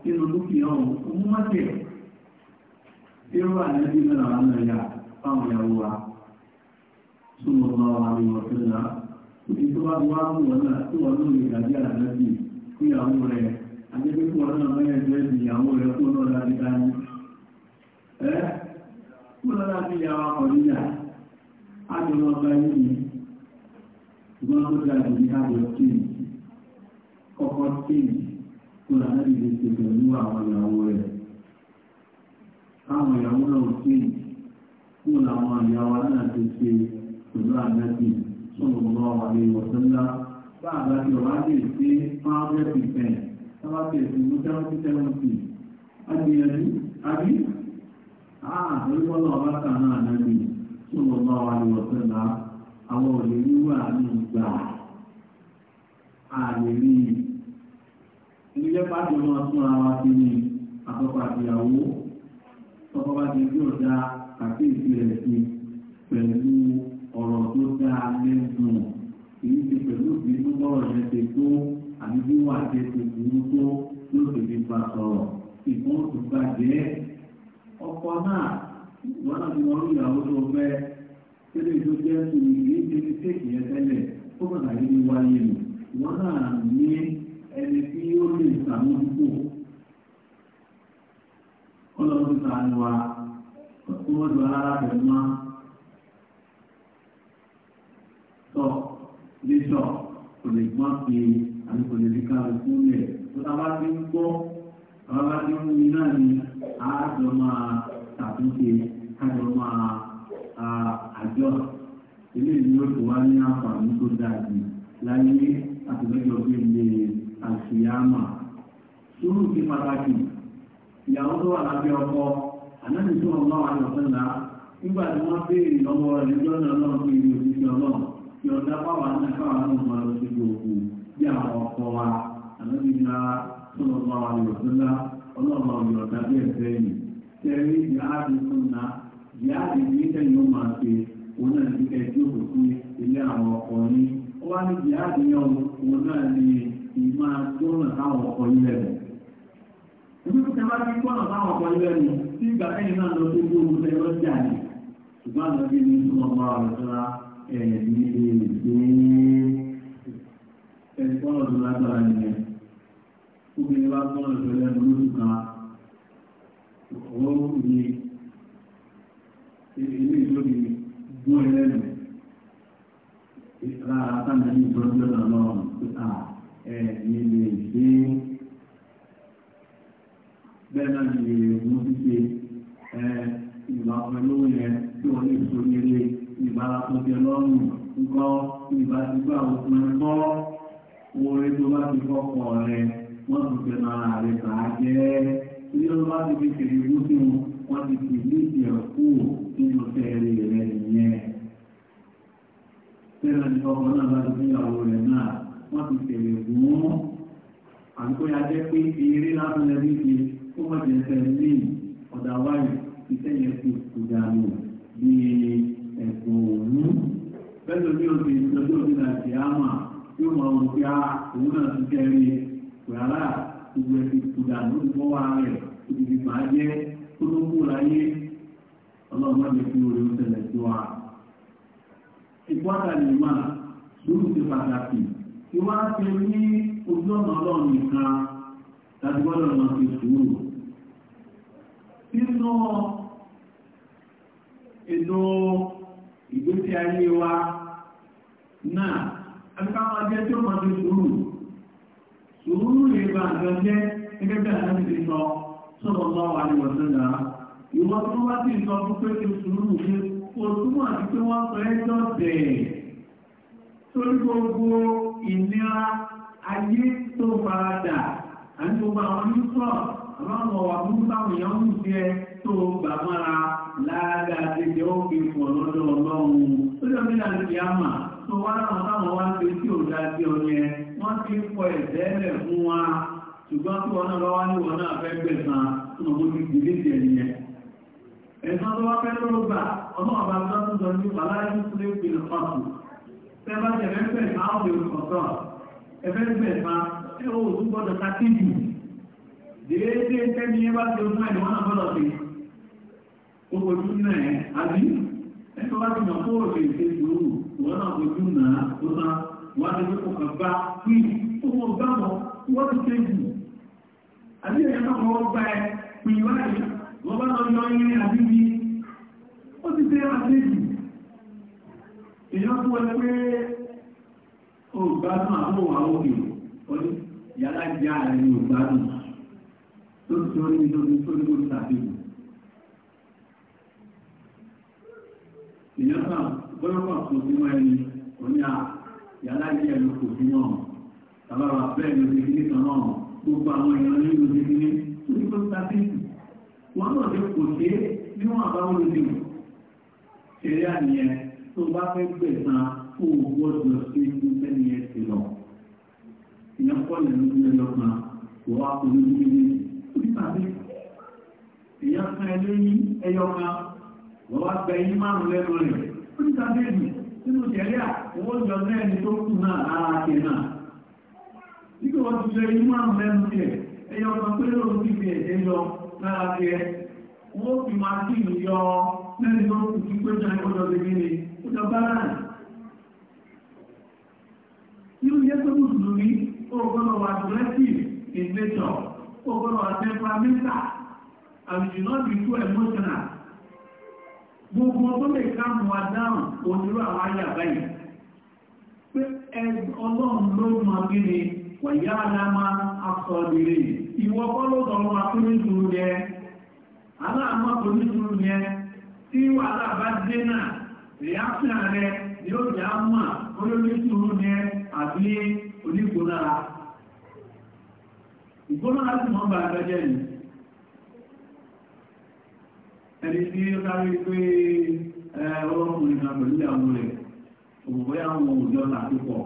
nínú dúkìá ọ̀hún ọmú mọ́tẹ̀ irú àlẹ́bí náà wà náà yà fáwọn ìyàwó wa tó mọ̀ mọ́ wa ní wọ́n fẹ́ náà òbí tó bá wá mú wọn náà tó wọn lórí ìdájí àlẹ́bí fún ìyàwó rẹ̀ àjẹ́bí fún wọn náà mẹ́rin fẹ́ di ìyàwó rẹ̀ fún ọ̀nà láti dání ẹ́ fún ọ̀nà láti yà wá kọ̀ níyà á jọ lọ bá yín ni ìgbọ́n tó dáa jù ká kọ́kọ́ tíì tó lànà ìdè ṣe pẹ̀lú àwọn ìyàwó rẹ̀. Káwọn ìyàwó náà tíì tó làwọn ìyàwó náà ti ṣe pẹ̀lú àdájì sọ̀rọ̀ lọ àwọn ìwọ̀sán ńlá. Bá àdájì ọ̀rọ̀ á lè ṣe fáwọn ẹ̀fìfẹ̀ sábà tẹ̀sí ní sẹ́wọ́ntì sẹ́wọ́ntì. Adìyẹ̀dì àbí? Àà oríwọ́lọ́ ọ̀rá kan náà nàbì sọ̀rọ̀ lọ àwọn ìwọ̀sán ńlá. Àwọn òlè wíwà ní ìgbà àlè rí i káàdì máa fúnra wa sí ni àkọ́kọ́ àtìyàwó tọ́kọ́ bá ti kí ọ̀dà àkéèsí rẹ̀ sí pẹ̀lú ọ̀rọ̀ tó dáa lẹ́nu èyí ti pẹ̀lú ìbínú bọ́rọ̀ yẹn ti tó àbí bí wà á ti ti burú tó ló ti fi fa sọ̀rọ̀ ìfún tó bàjẹ́ ọkọ náà wọn náà ti wọn rí ìyàwó tó fẹ́ tẹ́lẹ̀ tó jẹ́ sùn ìgbésẹ̀ ní tẹ́kì yẹn tẹ́lẹ̀ ó bàtà yìí wáyé ẹni tí ó lè sàmójútó ọlọ́run ta ni wa ọ̀tún ọ̀dọ̀ ara rẹ̀ mọ́ sọ lẹ́sọ̀ kò lè gbọ́n pé àti kò lè rí kálukú lẹ̀ tó tá a bá ti ń gbọ́ tá a bá ti ń wí náà ni a jọ máa ṣàtúnṣe ká jọ máa àjọ eléyìí ni ó ti wá ní àǹfààní tó dáa jù láyé àtìlẹ́yìn ọdún ilé àtìyámà sùúrù ti pàtàkì ìyàwó tó wà lábẹ́ ọkọ ànábì tó wọn bá wà ní ọ̀sán là nígbà tí wọ́n béèrè lọ́wọ́ rẹ̀ níjọ́ náà lọ́wọ́ pé òṣìṣẹ́ ọlọ́run kí ọ̀dá báwa náà náà máa lọ sí gbogbo bí àwọn ọkọ wa ànábì ní ara tó wọn bá wà ní ọ̀sán ọlọ́run ọ̀yọ̀ ọ̀dá bí ẹ̀fẹ́ yìí tẹ̀rí ìyáàdì fún na ìyáàdì ní ẹ̀yọ́ máa ṣe òun náà ti kẹjú òkú ilé àwọn ọkọ ní ó wá ní ìyáàdì yẹn òun náà ní ìmọ̀ àgbọ̀nà táwọn ọkọ̀ yín lẹ́nu. Ebi tó tẹ́lá ti gbọ́nà táwọn ọkọ̀ yín lẹ́nu tí ìgbà ẹ̀yìn náà lọ sí ojú ogun tẹ́lẹ̀ lọ́jà ni. Ṣùgbọ́n àná bí mi tún ọmọ rẹ̀ sọ́ra ẹ̀yìn ní ilé ìgbé ẹ̀kọ́nà tó lágbára nìyẹn. Obìnrin bá gbọ́nà tó lẹ́nu lóṣù kan. Ọ̀rọ̀ ni ilé ìjọbi gbọ́ ẹlẹ́nu. Lára táwọn ẹni ìjọba náà lọ́rùn pé àà ẹ̀ẹ́dì lè ṣe bẹ́ẹ̀ náà lè mú ṣíṣe ìgbà ọ̀pẹ lówó yẹn tí wọ́n lè so nílé ìbára tó jẹ lọ́rùn ńkọ́ ìbá ti gbà òkú ẹ̀kọ́ oore tó bá ti kọ́kọ́ rẹ wọ́n ti fẹ́ máa rẹ̀ bàá jẹ́ tí ó bá ti fi kèrè mú sí wọn wọ́n ti fi ní ìyẹ̀kú nínú fẹ́ẹ̀rẹ̀ rẹ̀ nìyẹn. Bẹ́ẹ̀ náà ni ọkọ̀ náà bá ti fi ìyàwó rẹ̀ náà wọ́n ti tèrè wọ́n àbíkó ya jẹ́ pé eré lásán lẹ́nu ìdí kó wọ́n ti ẹsẹ̀ ní ọ̀dà wáyé iṣẹ́ yẹn kò kò dànù bí ẹ̀kọ́ òwú. bẹ́ẹ̀ ni òbí lọ́jọ́ òbí náà ti á mà yóò mọ ohun tí a òun náà ti kẹ́rí pẹ̀lá gbogbo ẹ̀sìn kò dànù ti fọ́ rẹ̀ ó ti fi bàá jẹ́ kó tó kú láyé ọlọ́run má lè fi orí tí wọ́n á ṣe ní ojú ọ̀nà ọlọ́run nìkan tàbí gbọ́dọ̀ lọ sí sùúrù. Nínú ètò ìgbésí ayé wa náà, akẹ́kọ̀ọ́ jẹ́ tí ó máa ṣe sùúrù. Sùúrù lè ba àjọ jẹ́ gẹ́gẹ́ bí àjọ ti sọ sọ̀rọ̀ lọ wà ní wọ̀sánná. Ìwọ́n tó wá sọ fún pé kí sùúrù ṣe kò túmọ̀ sí pé wọ́n sọ ẹjọ́ bẹ̀ẹ̀. Torí gbogbo ìnira ayé tó faradà àti gbogbo àwọn onísọ̀ àwọn ọ̀wà fún táwọn èèyàn ń jẹ tó gbà mọ́ra láàgà tẹ̀jẹ̀ ó fi pọ̀ lọ́dọ̀ ọlọ́run ó lè ní àti àmà tó wá láwọn táwọn wá ń pe tí ò dá sí ọyẹ wọ́n ti ń kọ ẹ̀jẹ̀ rẹ̀ fún wa ṣùgbọ́n tí wọn náà bá ní wọn náà fẹ́ gbẹ̀sán tó náà wọ́n ti gbèlé jẹ nìyẹn ẹ̀sán tó wá fẹ́ lọ́gbà ọlọ́run bá tó ń sọ ní tẹ́lá tẹ̀lẹ́ ń bẹ̀rẹ̀ máa ń bẹ̀rù kọ̀ọ̀kan ẹ̀fẹ́ ń bẹ̀rẹ̀ máa tí ó ò tún gbọ́dọ̀ ká kéjì déédéé tẹ́ni ẹ bá ti ọdún ẹ̀ wọ́n náà gbọ́dọ̀ sí owó ojú náà ẹ̀ àbí ẹ̀ka wá ti mọ̀ kó o lè ṣe sùúrù wọ́n náà ojú náà ó tán wọ́n á ti wípé kọ̀ọ̀kan bá pí owó ọgbà mọ̀ wọ́n ti ṣe jù àbí ẹ̀yà náà kọ́ gba ẹ pìyìn wáyé wọ́n bá lọ yọ irin àbí bí ó ti ṣe èyàn tó wọlé pé ògbádùn àbúrò wà òkè ọdún yàrá jẹ́ ààrẹ ní ògbádùn tó ti wọ́n ní lórí tó ní lórí tàbíkù. èyàn kan bọ́lá kan kò sí wọn ẹni òní à yàrá jẹ́ ẹ̀lú kò sí wọn tàbára bẹ́ẹ̀ ló ti tó bá fẹ́ gbẹ̀sán kó o gbọ́dọ̀ sí inú sẹ́ni ẹ̀ sí lọ. ìyẹn kọ́ lẹ́nu ilé lọ́gbọ̀n kò wá kó ní ilé ní nípa bí ìyẹn kan ẹlẹ́yìn ẹyọ kan wọ́n wá gbẹ yín márùn lẹ́nu rẹ̀ ó ní sábẹ́ẹ̀dì nínú ìṣẹ̀lẹ̀ àwọn ọjọ́ náà ẹni tó kù náà ara kẹ̀ náà. nígbà wọ́n ti gbẹ yín márùn lẹ́nu rẹ̀ ẹyọ kan pé lóòrùn ti fi ẹ̀jẹ̀ yọ lára kẹ̀ wọ́n fi máa kí lọ bá láàrín tí ó yẹ tó mùsùlùmí ó gbọ́dọ̀ wà directive in nature ó wà temperamental and you not be too emotional gbogbo lè ká mú wa dáhùn onírú àwọn ayé àbáyé pé ọlọ́run ló mọ ni aláma ìwọ yẹ aláàmọ́ yẹ tí wàhálà bá dé náà reaction rẹ̀ ni ó jẹ́ àmà olóògbésùn ní àbí onígbónára ìgbónára tí wọ́n bá ẹgbẹ́jẹ́ ni ẹni tí ó sáré pé ọlọ́kùnrin kan pẹ̀lú ìyàwó rẹ̀ òmùbọ́yá wọn òjò ṣùgbọ́n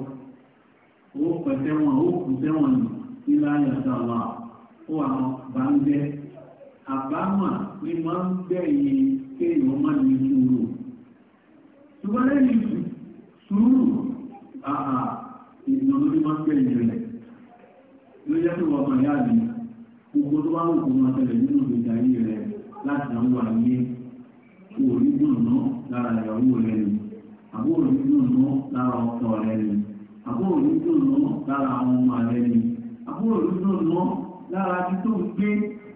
ó pẹ̀tẹ́ wọn ó kù sẹ́wọ̀n nù nílá yàtọ̀ àwọn ó àwọn bá ń jẹ́ àbámà ni máa ń gbẹ̀yìn kéèyàn má ní sùúrù ṣùgbọ́n lẹ́yìn sùúrù àhà ìdùnnú ni máa ń gbẹ̀yìn rẹ̀ ló jẹ́ pé wọ́n kàn yá mi gbogbo tó bá wù kó máa tẹ̀lé nínú ìgbésí ayé rẹ̀ láti àwọn àyè òòrí dùn náà lára ìyàwó rẹ̀ ni àbúrò dùn náà lára ọkọ rẹ̀ ni àbúrò ló dùn lọ lára àwọn ọmọ rẹ ni àbúrò ló dùn lọ lára ibi tó ń gbé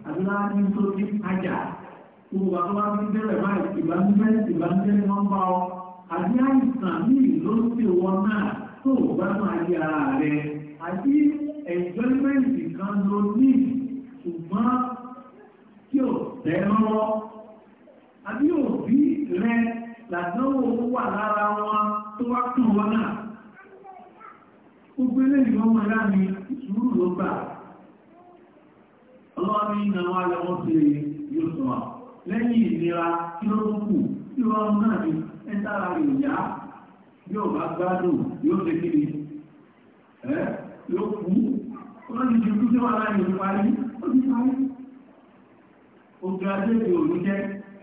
àbí lára ibi tó ti kájà gbogbo àti wá sí bẹ̀rẹ̀ báyìí ìbànújẹ́ ìbànújẹ́ ni wọ́n bá ọ àbí àìsàn ní ìlú ṣe wọn náà tó gbádùn ayé ara rẹ àbí ẹ̀jọ́mẹ́ǹtì kan ló ní ṣùgbọ́n tí ò tẹ́ lọ́wọ́ àbí òbí rẹ làdánwò wà lára wọn tó wá kàn wọn náà gbogbo eléyìí lọ́mọ ẹ̀rá mi sùúrù ló gbà ọlọ́run ní àwọn alẹ́wọ́n ti yóò sọ à lẹ́yìn ìnira kí ló tún kù kí wọ́n náà ní ẹ́tàrà rẹ̀ yá yóò bá gbádùn yóò ṣe kí ni ẹ́ yóò kú ọlọ́run ti kú sí wà láyé parí ó ti parí ogun adébí òní jẹ́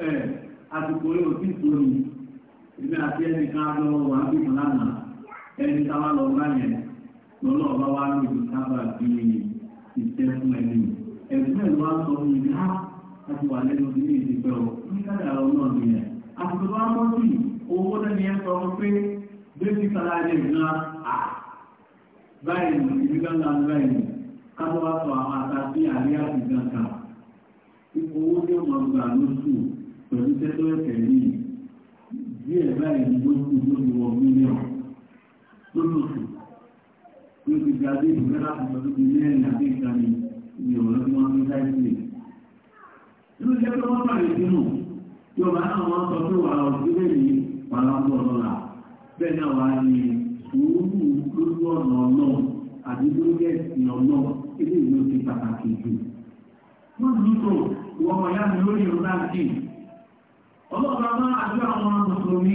ẹ̀ àsìkò yóò ti sóni ìgbé àti ẹnìkan lọ wà bí kan lánàá ẹni táwa lọ bá yẹn lọ́nà ọba wa ní ìlú sábà bí ìṣẹ́ fún ẹni ẹ̀sùn ẹ̀ wá sọ ní ìlú á láti wà lẹ́nu ní èdè pẹ́ o ní kádàrà ọlọ́run nìyẹn àtúntò wa mọ́ sí owó sọ pé bébí báyìí ìlú báyìí káwọ́ wa sọ àwọn àríyá owó tí gbà lóṣù pẹ̀lú tẹ́tọ́ ẹ̀kẹ́ yìí díẹ̀ báyìí wọ lóṣù ní ti di adé ìfẹ́ láti lọ lóbi mẹ́rin àti ìkànnì ní ọ̀rọ̀ tí wọ́n ń dá ìpè. Inú jẹ́ pé wọ́n bàrẹ̀ sínú tí ọba náà wọ́n sọ pé wàá òṣèré yìí wàá lọ́pọ̀ lọ́la. Bẹ́ẹ̀ náà wàá ní sùúrù lójú ọ̀nà ọlọ́run àti lójú ẹ̀sìn ọlọ́run ilé ìlú ti pàtàkì jù. Wọ́n ti sọ wọ́n mọ̀ yá mi lórí ìrúdá sí. Ọlọ́ọ̀bá máa àjọ àwọn mùsùlùmí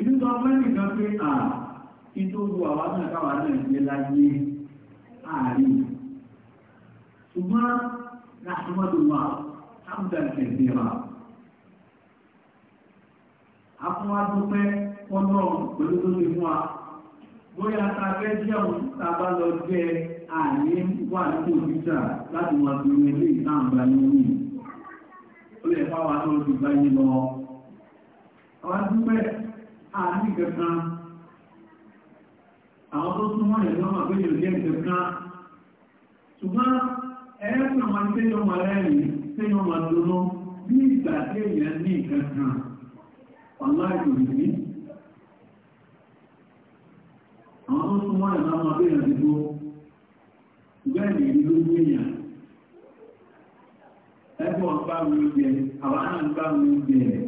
ìbí sọ mẹ́rin kan pé à kí tó lu àwa náà káwa náà jẹ́ láyé àárín ṣùgbọ́n láàmúdò wa ámúdà kẹ̀kẹ́ wa afúnwádúpẹ́ ọlọ́ pẹ̀lú tó lè fún wa bóyá ta fẹ́ jẹun ta bá lọ jẹ àní wà nípò títà láti wọn fi wọn ilé ìtàǹgbà lórí ó lè fáwọn tó ti gbáyé lọ àwọn dúpẹ́ ààrí kankan àwọn tó tún wọ́n ẹ̀lọ́ àgbé yóò jẹ́ kankan ṣùgbọ́n ẹ̀ẹ́sùn àwọn tẹ́yọ máa rẹ́rìn tẹ́yọ máa dúró bí ìgbà tẹ́yàn ní kankan ọláìkò ní àwọn tó tún wọ́n ẹ̀lọ́ àgbé yóò dúró bẹ́ẹ̀ni ìlú gbìyàn ẹgbẹ́ àwọn àgbà mi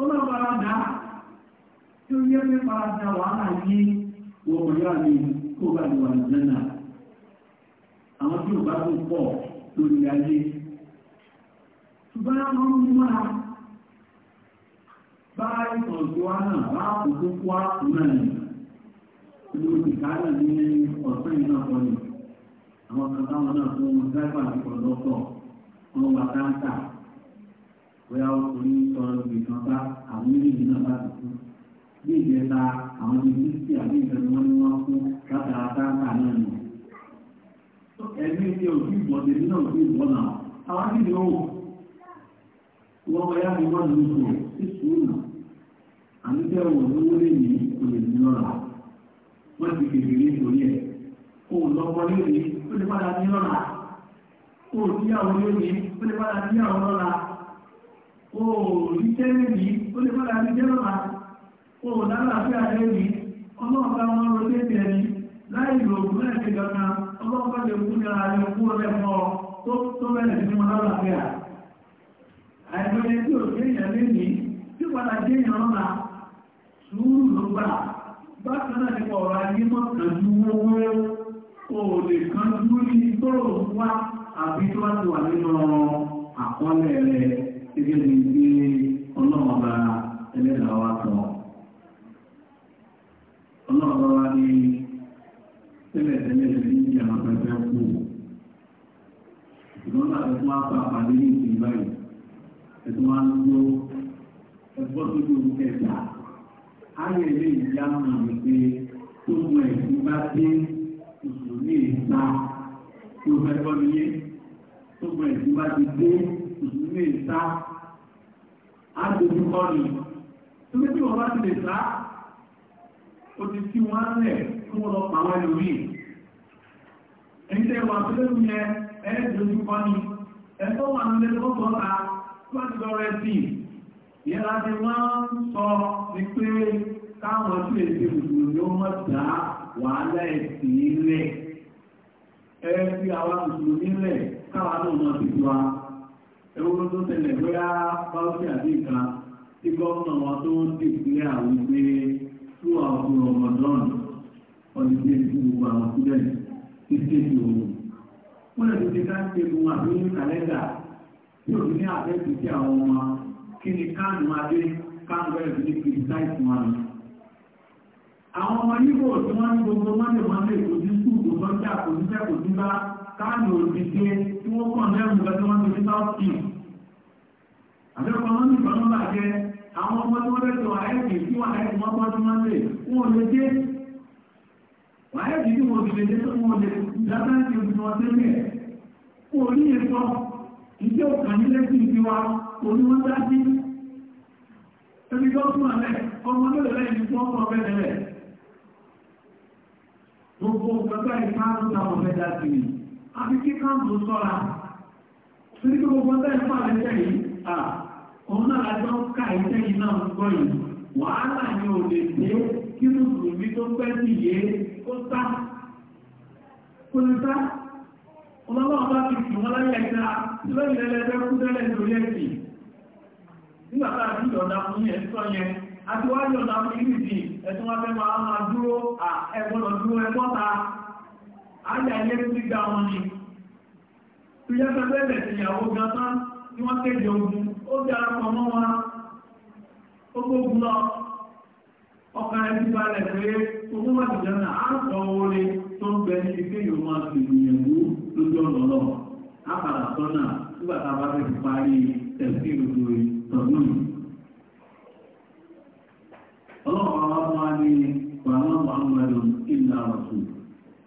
ọlọ́ farada tí ó yẹ pé farada wàhálà yí wọ́n mọ̀ yára wá náà bá kò kó àpò náà ní olóòtú káàlà ní ọ̀sán iná ọ̀pọ̀lọ̀ àwọn kan náà tó wọn dáìbà ti pọ̀ lọ́tọ̀ bóyá ọkùnrin sọ ìgbìkan bá àwọn méjèèjì náà bá ti fún bí ìjẹta àwọn ibi tí àbí ìfẹ̀sùn ni wọ́n fún látara táàtà náà nù. ẹ̀mí ti òbí ìbọn tèmi náà òbí ìbọn náà àwọn akéde ó wọ́n bá yá wọ́n lù sọ sí sùúrù àmì tẹ́ wọ̀ lówó lè ní olè ní lọ́la wọ́n ti kéde ní ìtòlí ẹ̀ kó o lọ́kọ́ lónìí ó lè padà ní lọ́la kó o tíyàwó lónìí ó lè padà tíyàwó lọ́la. o rí tẹ́lẹ̀ yìí ó lè padà rí jẹ́rọ̀mà o lára àfi ààrẹ yìí ọlọ́ọ̀bá wọn ro tẹ́lẹ̀ yìí láì lò ó fún ẹ̀ṣẹ̀ lè kú ní ààrẹ kú mọ́ tó wọn lára à. gẹ́gẹ́ bí bí ọlọ́run ọba ẹlẹ́dàá wa tọ̀. ọlọ́run ọba wa ní tẹ́lẹ̀ tẹ́lẹ̀ ní ìdí àwọn pẹpẹ kú. ìgbọ́n náà ẹ̀ fún apá àpàdé ní ìsìn báyìí ẹ̀ tún wá ń gbó ẹgbọ́n tó dùn kẹta. ayé ilé ìyá mọ̀ ní pé tó mọ ẹ̀sìn bá dé ìṣòro ní ìta tó fẹ́ gbọ́ níyé tó mọ ẹ̀sìn bá ti dé ìwé ìta àdójúkọ ni tóbi tí wọn bá ti lè ta ó ti tí wọn lẹ kí wọn lọ pa wọn ẹni tẹ wà tó lẹ́nu yẹn ẹ dojúkọ ni ẹ̀tọ́ wà ní lẹ́nu tó ta wọn ti lọ rẹ sí ìyẹn láti wọn sọ ni pé káwọn tí èdè òṣèlú ni ó mọ̀ dá wàhálà ẹ̀sìn ilẹ̀ ẹ fi àwọn òṣèlú nílẹ̀ káwọn náà mọ̀ sí wa ẹgbẹ́ tó tẹ̀lẹ̀ bóyá báwọ́sí àti ìkan tí gómìnà wọn tó dìpínlẹ̀ àwọn pé fún àwọn ọmọdọ́n ọdíje fún gbogbo àwọn sílẹ̀ tí kéèkì òun wọ́n lè ti ká ṣe gun àbíyí kàlẹ́dà tí òbí ní àfẹ́sì sí àwọn ọmọ kí ni káànù adé káànù bẹ̀rẹ̀ sí ní kìrìsáìsì wọn ni àwọn ọmọ yíbo tí wọ́n ní gbogbo wọ́n lè wọ́n lè kò káàdì òṣìṣẹ́ tí wọ́n kàn lẹ́rù lọ wọ́n ti south east àbẹ́kọ̀ wọn ní ìbọn jẹ́ àwọn ọmọ tí wọ́n lẹ́tọ̀ àẹ́kì tí wọ́n àẹ́kì wọ́n bá tí wọ́n lè wọ́n lè dé àẹ́kì tí wọ́n lè dé tó wọ́n lè látàkì òṣìṣẹ́ wọn tẹ́lẹ̀ kò ní ètò ìjẹ́ òkàn ní lẹ́sìn ti wa kò ní wọ́n dájú ẹni tó fún àlẹ́ ọmọ lọ́lẹ̀ lẹ́yìn tí wọ́n àti kí káàmù sọ́ra torí pé gbogbo ọ̀tẹ́ ìfà lẹ́tẹ̀ yìí à náà lájọ́ ká ìtẹ́ náà ń gbọ́ yìí wàhálà ni ò lè dé kí mùsùlùmí tó pẹ́ sí yé kó sá kó lè sá ọlọ́wọ́ bá ti fi wọ́n láyé ẹ̀dá lóyìn ẹlẹ́gbẹ́ kú tẹ́lẹ̀ lórí ẹ̀sìn nígbà tá a ti yọ̀dá fún yẹn sọ yẹn àti wá yọ̀dá fún yìí nìdí ẹ̀tún wá fẹ́ máa máa dúró ẹ̀gbọ́n ayé ayé tí gbá wọn ni tó yẹ fẹ́ bẹ́ẹ̀ bẹ̀rẹ̀ ìyàwó gan tán tí wọ́n kéde ogun ó fi ara pọ̀ mọ́ wọn ó gbógun lọ ọkàn ẹbí balẹ̀ pé ogún wà nìjọ náà á sọ oore tó ń bẹ ní ike yóò máa fi ìyẹ̀wò lójú ọ̀nà lọ àpàlà sọ́nà nígbà tá a bá fẹ́ parí tẹ̀sí ìlú tọ̀dún yìí. ọlọ́run àwọn ọmọ wa ní wàhálà muhammadu ilà rasul.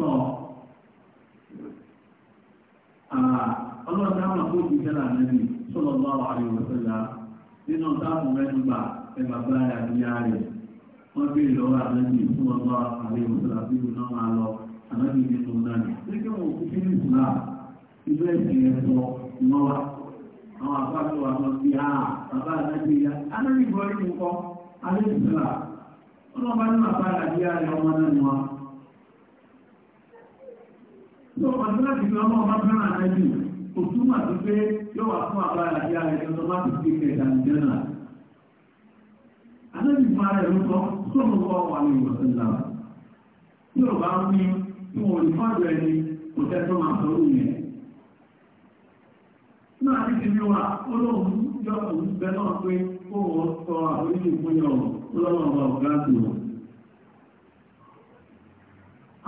sọ ọlọ́run táwọn àbúrò ti tẹ́lá nẹ́bí sọ́lọ́ bá wà ní òṣèlá nínú táwọn mẹ́rin gbà ẹgbà bá àdúyá rẹ̀ wọ́n gbé ìlọ́wọ́ àdúyá fún ọgbà àrí òṣèlá bí i náà máa lọ àdúyá nínú náà ní. ṣé kí wọ́n fi ní ìtura ilé ẹ̀sìn ẹ̀sọ́ ìmọ̀wá àwọn àpapọ̀ àwọn ti hà bàbá àdájọ́ ìyá adájọ́ ìbọ̀rí nìkan alẹ́ ìṣẹ̀lá tó àdúrà ti fi ọmọ ọba fẹ́ràn àdájú kò túmọ̀ sí pé yóò wà fún àbá àti ààrẹ tuntun bá ti fi kẹta nìjẹ́nà. Adébí fún ara ẹ̀rú sọ sóòrò wọ wà ní ìwọ̀sán náà. Tí ò bá ń wí tí wọn ò ní fọ́jọ ẹni kò tẹ́ tó máa sọ́rọ̀ yẹn. Náà ti ti fi wà olóhùn yọ òun bẹ́ẹ̀ náà pé kó wọ́n sọ àforíjì fún yọ̀ ọlọ́run ọba ọ̀gá àti òun.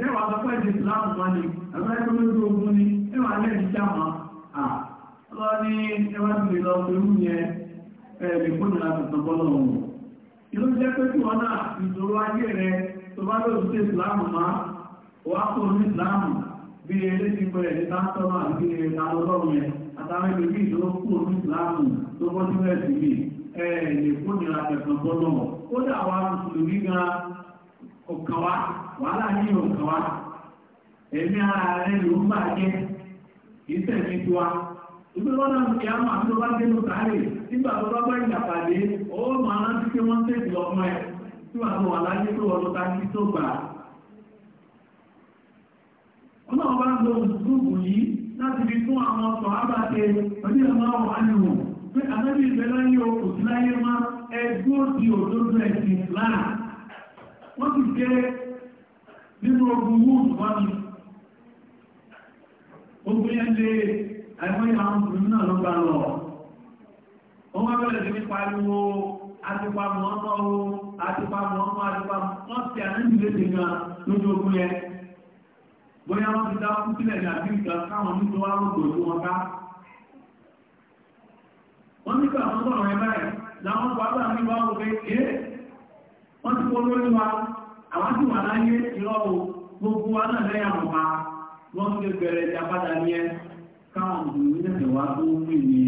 ẹwà àpapẹ̀jì islam wọn ni àwọn ẹgbẹ́ lórí ogun ni ẹwà alẹ́ ìjàmà lọ ní ẹwà ti lọ pẹ̀lú yẹn ẹ̀rẹ̀ fónìlà tuntun bọ́lọ̀ wọn ìlú jẹ́ pé kí wọn náà ìṣòro ayé rẹ tó bá lóòrùn sí islam ma wà kó ní islam bí ilé ti pẹ̀lẹ̀ ní tásọ́mà àti ìrẹ̀lọ́rùn yẹn àtàwọn ẹgbẹ́ ìṣòro kó ní islam tó bọ́ sí rẹ̀ sí ẹ̀rẹ̀ fónìlà tuntun bọ́lọ̀ wọn ó dà wá mùsùlùmí gan ọ̀kan wá wàhálà ní òǹkà wa ẹ̀mí ara rẹ̀ ló ń bàjẹ́ ìsẹ̀mí tó wa ìgbé lọ́nà ìyá máa tó bá dénú sáré nígbà tó bá bá ó máa rántí pé tẹ̀sí ọmọ tí wàá tó wà láyé tó ta tó gbà. bá ń lo yìí láti fi fún àwọn ọkọ̀ abáṣe ọdún nínú ogun wood wọ́n ni ogun yẹn lè àìmọ́ ìyá àwọn obìnrin náà ló bá lọ wọ́n wá bẹ̀rẹ̀ sí ní pariwo atipa mọ́mọ́ o atipa mọ́mọ́ atipa wọ́n ti àníbi léde gan lójú ogun yẹn bóyá wọ́n ti dá kú sílẹ̀ ní àbíríkà káwọn nítorí wọ́n rògbò ìlú wọn ká wọ́n ní káwọn sọ̀rọ̀ ẹ báyìí làwọn pàápàá àwọn tí wà láyé ìrọ̀rùn gbogbo wa náà lẹ́yà mọ̀pá wọ́n bẹ̀rẹ̀ ìjà padà ní ẹ káwọn òbí tẹ̀sẹ̀ wá tó ń pè ní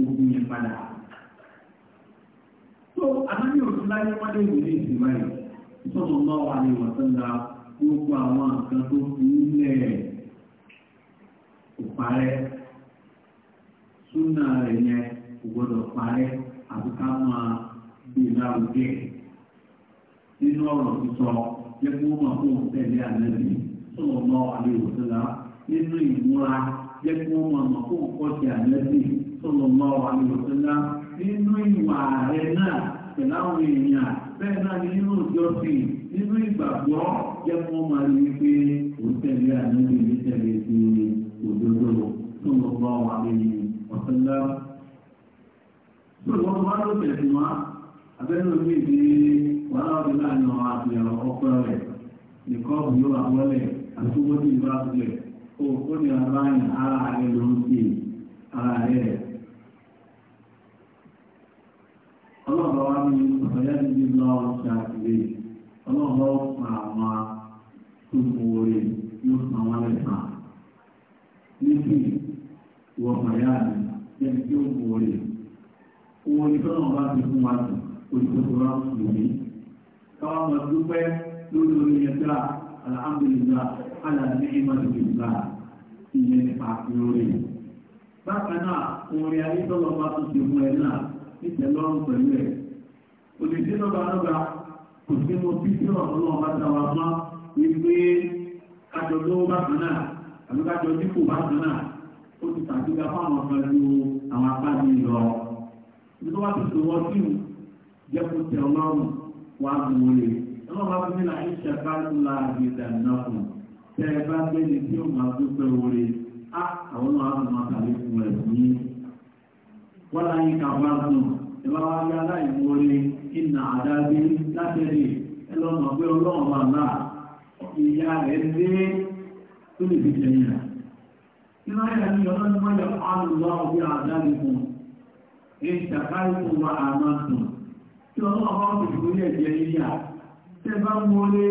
ogun yẹn padà. tó àtàkì òsì láyé wọ́n dé ìwé ní ìsìnwá yìí náà wà ní gbogbo àwọn nǹkan tó fi ń lẹ̀ kò parẹ́ súnà nínú ọ̀rọ̀ sísọ jẹ́ kó mọ̀ fún tẹ̀lé àlẹ́bí sọ̀rọ̀ mọ́ àlèwòsílá nínú ìmúra jẹ́ kó mọ̀ mọ̀ fún kọ́sì àlẹ́bí sọ̀rọ̀ mọ́ àlèwòsílá nínú ìwà rẹ̀ náà pẹ̀lú àwọn èèyàn bẹ́ẹ̀ náà ni nínú ìjọsìn nínú ìgbàgbọ́ jẹ́ kó mọ̀ rí wípé ó tẹ̀lé àlẹ́bí ní tẹ̀lé sí òdodo sọ̀rọ̀ mọ́ àlèwòsílá. Sọ̀rọ̀ mọ́ àlèwòsílá abẹ́rẹ́ wọ́n náà bí náà nà rẹ̀ nìkan bí ó àwọlẹ̀ àti tí ìbá tilẹ̀ ó ó ní aláìní ara rẹ̀ ló ń ṣe ara rẹ̀. ọlọ́ọ̀bá wa ní ọ̀yá ti di lọ́wọ́ ṣàkìlẹ̀ ọlọ́ọ̀bá ó pa àwọn tó orí yóò san wọn lẹ́sàn-án. níbi ìwọ ọ̀yá mi jẹ́ni tí ó mú orí owó ní tọ́lọ́mọba ti fún wa jù olùkókòrò àwọn mùsùlùmí. káwá mọ̀ dúpẹ́ lórí orí ẹ̀dá alhamdulilá alàmì ìmọ̀lùmílá ìyẹn nípa lórí. bákan náà orin ayétọ́lọ́ bá tún ti mú ẹ náà nítẹ̀lọ́rùn pẹ̀lú ẹ̀. òdìdí lọ́ba lọ́ba kò sí mo bí sí ọ̀rọ̀ náà bá dá wa mọ́ wípé kájọ lówó bákan náà àbí kájọ dípò bákan náà ó ti tàbíga fáwọn kan ju àwọn apá mi lọ. nítorí wọ́n ti sọ wọ́n sí jẹ́ kó tẹ̀ ọlọ́run wà múlẹ̀ ọlọ́run bá fún mi láì ṣẹ̀fà ńlá àgbẹ̀dà náà fún tẹ́ ẹ bá gbẹ́ni tí ó máa dúpẹ́ oore á àwọn náà á máa tàbí fún ẹ̀ fún yín. wọ́n láyé ká bá dùn ẹ bá wá yá láì múlẹ̀ ìnà àdágbé látẹ̀lé ẹ lọ́nà pé ọlọ́run wà náà ìyá rẹ̀ dé tó lè fi jẹyìn rà. Iná yà ní ọlọ́run mọ́ yà fún àlùlọ́ ọ̀gbìn àdágbé fún ìṣàkáyé fún wa àmọ́ tún tí ọlọ́wọ́ bá ń bèèrè lórí ẹ̀jẹ̀ yíyà tẹ bá ń wọlé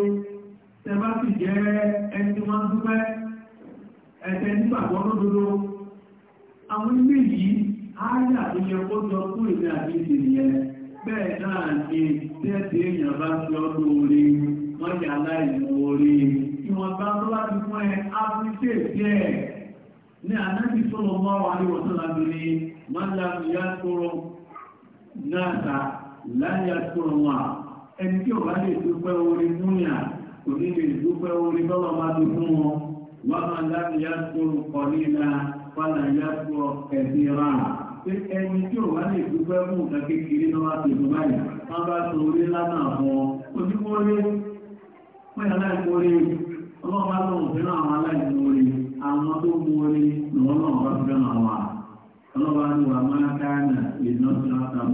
tẹ bá sì jẹ́ ẹni tí wọ́n ń dúpẹ́ ẹ̀tẹ́ nígbàgbọ́ lódodo àwọn ilé yìí áyà tó yẹ kó jọ fún ìlú àti ìdìyẹ bẹ́ẹ̀ náà ni tẹ́ẹ̀tì èèyàn bá fi ọdún orí wọ́n yà láìmọ̀ orí ìwọ̀nba tó bá ti fún ẹ áfíríkè díẹ̀ ní ànábì sọ̀rọ̀ mọ́ wà ní wọ̀sán lábìrin mọ́lá ìyá kóró náà láyà tó wọn ẹni tí ò bá lè dúpẹ́ orí múnìà kò ní lè dúpẹ́ orí bọ́lá máa tó fún wọn wọ́n máa láyà tó kọ̀ nílá fàlà yà tó ẹ̀sìn rà pé ẹni tí ò bá lè dúpẹ́ fún nǹkan kékeré náà wàá tètè báyìí wọ́n bá tó orí lánàá fún ọ ojúmọ́lé pé aláìmọ́lé ọlọ́run bá lọ́wọ́ fẹ́ràn àwọn aláìmọ́lé àwọn tó mọ́lé lọ́wọ́ náà bá fẹ́ràn àwọn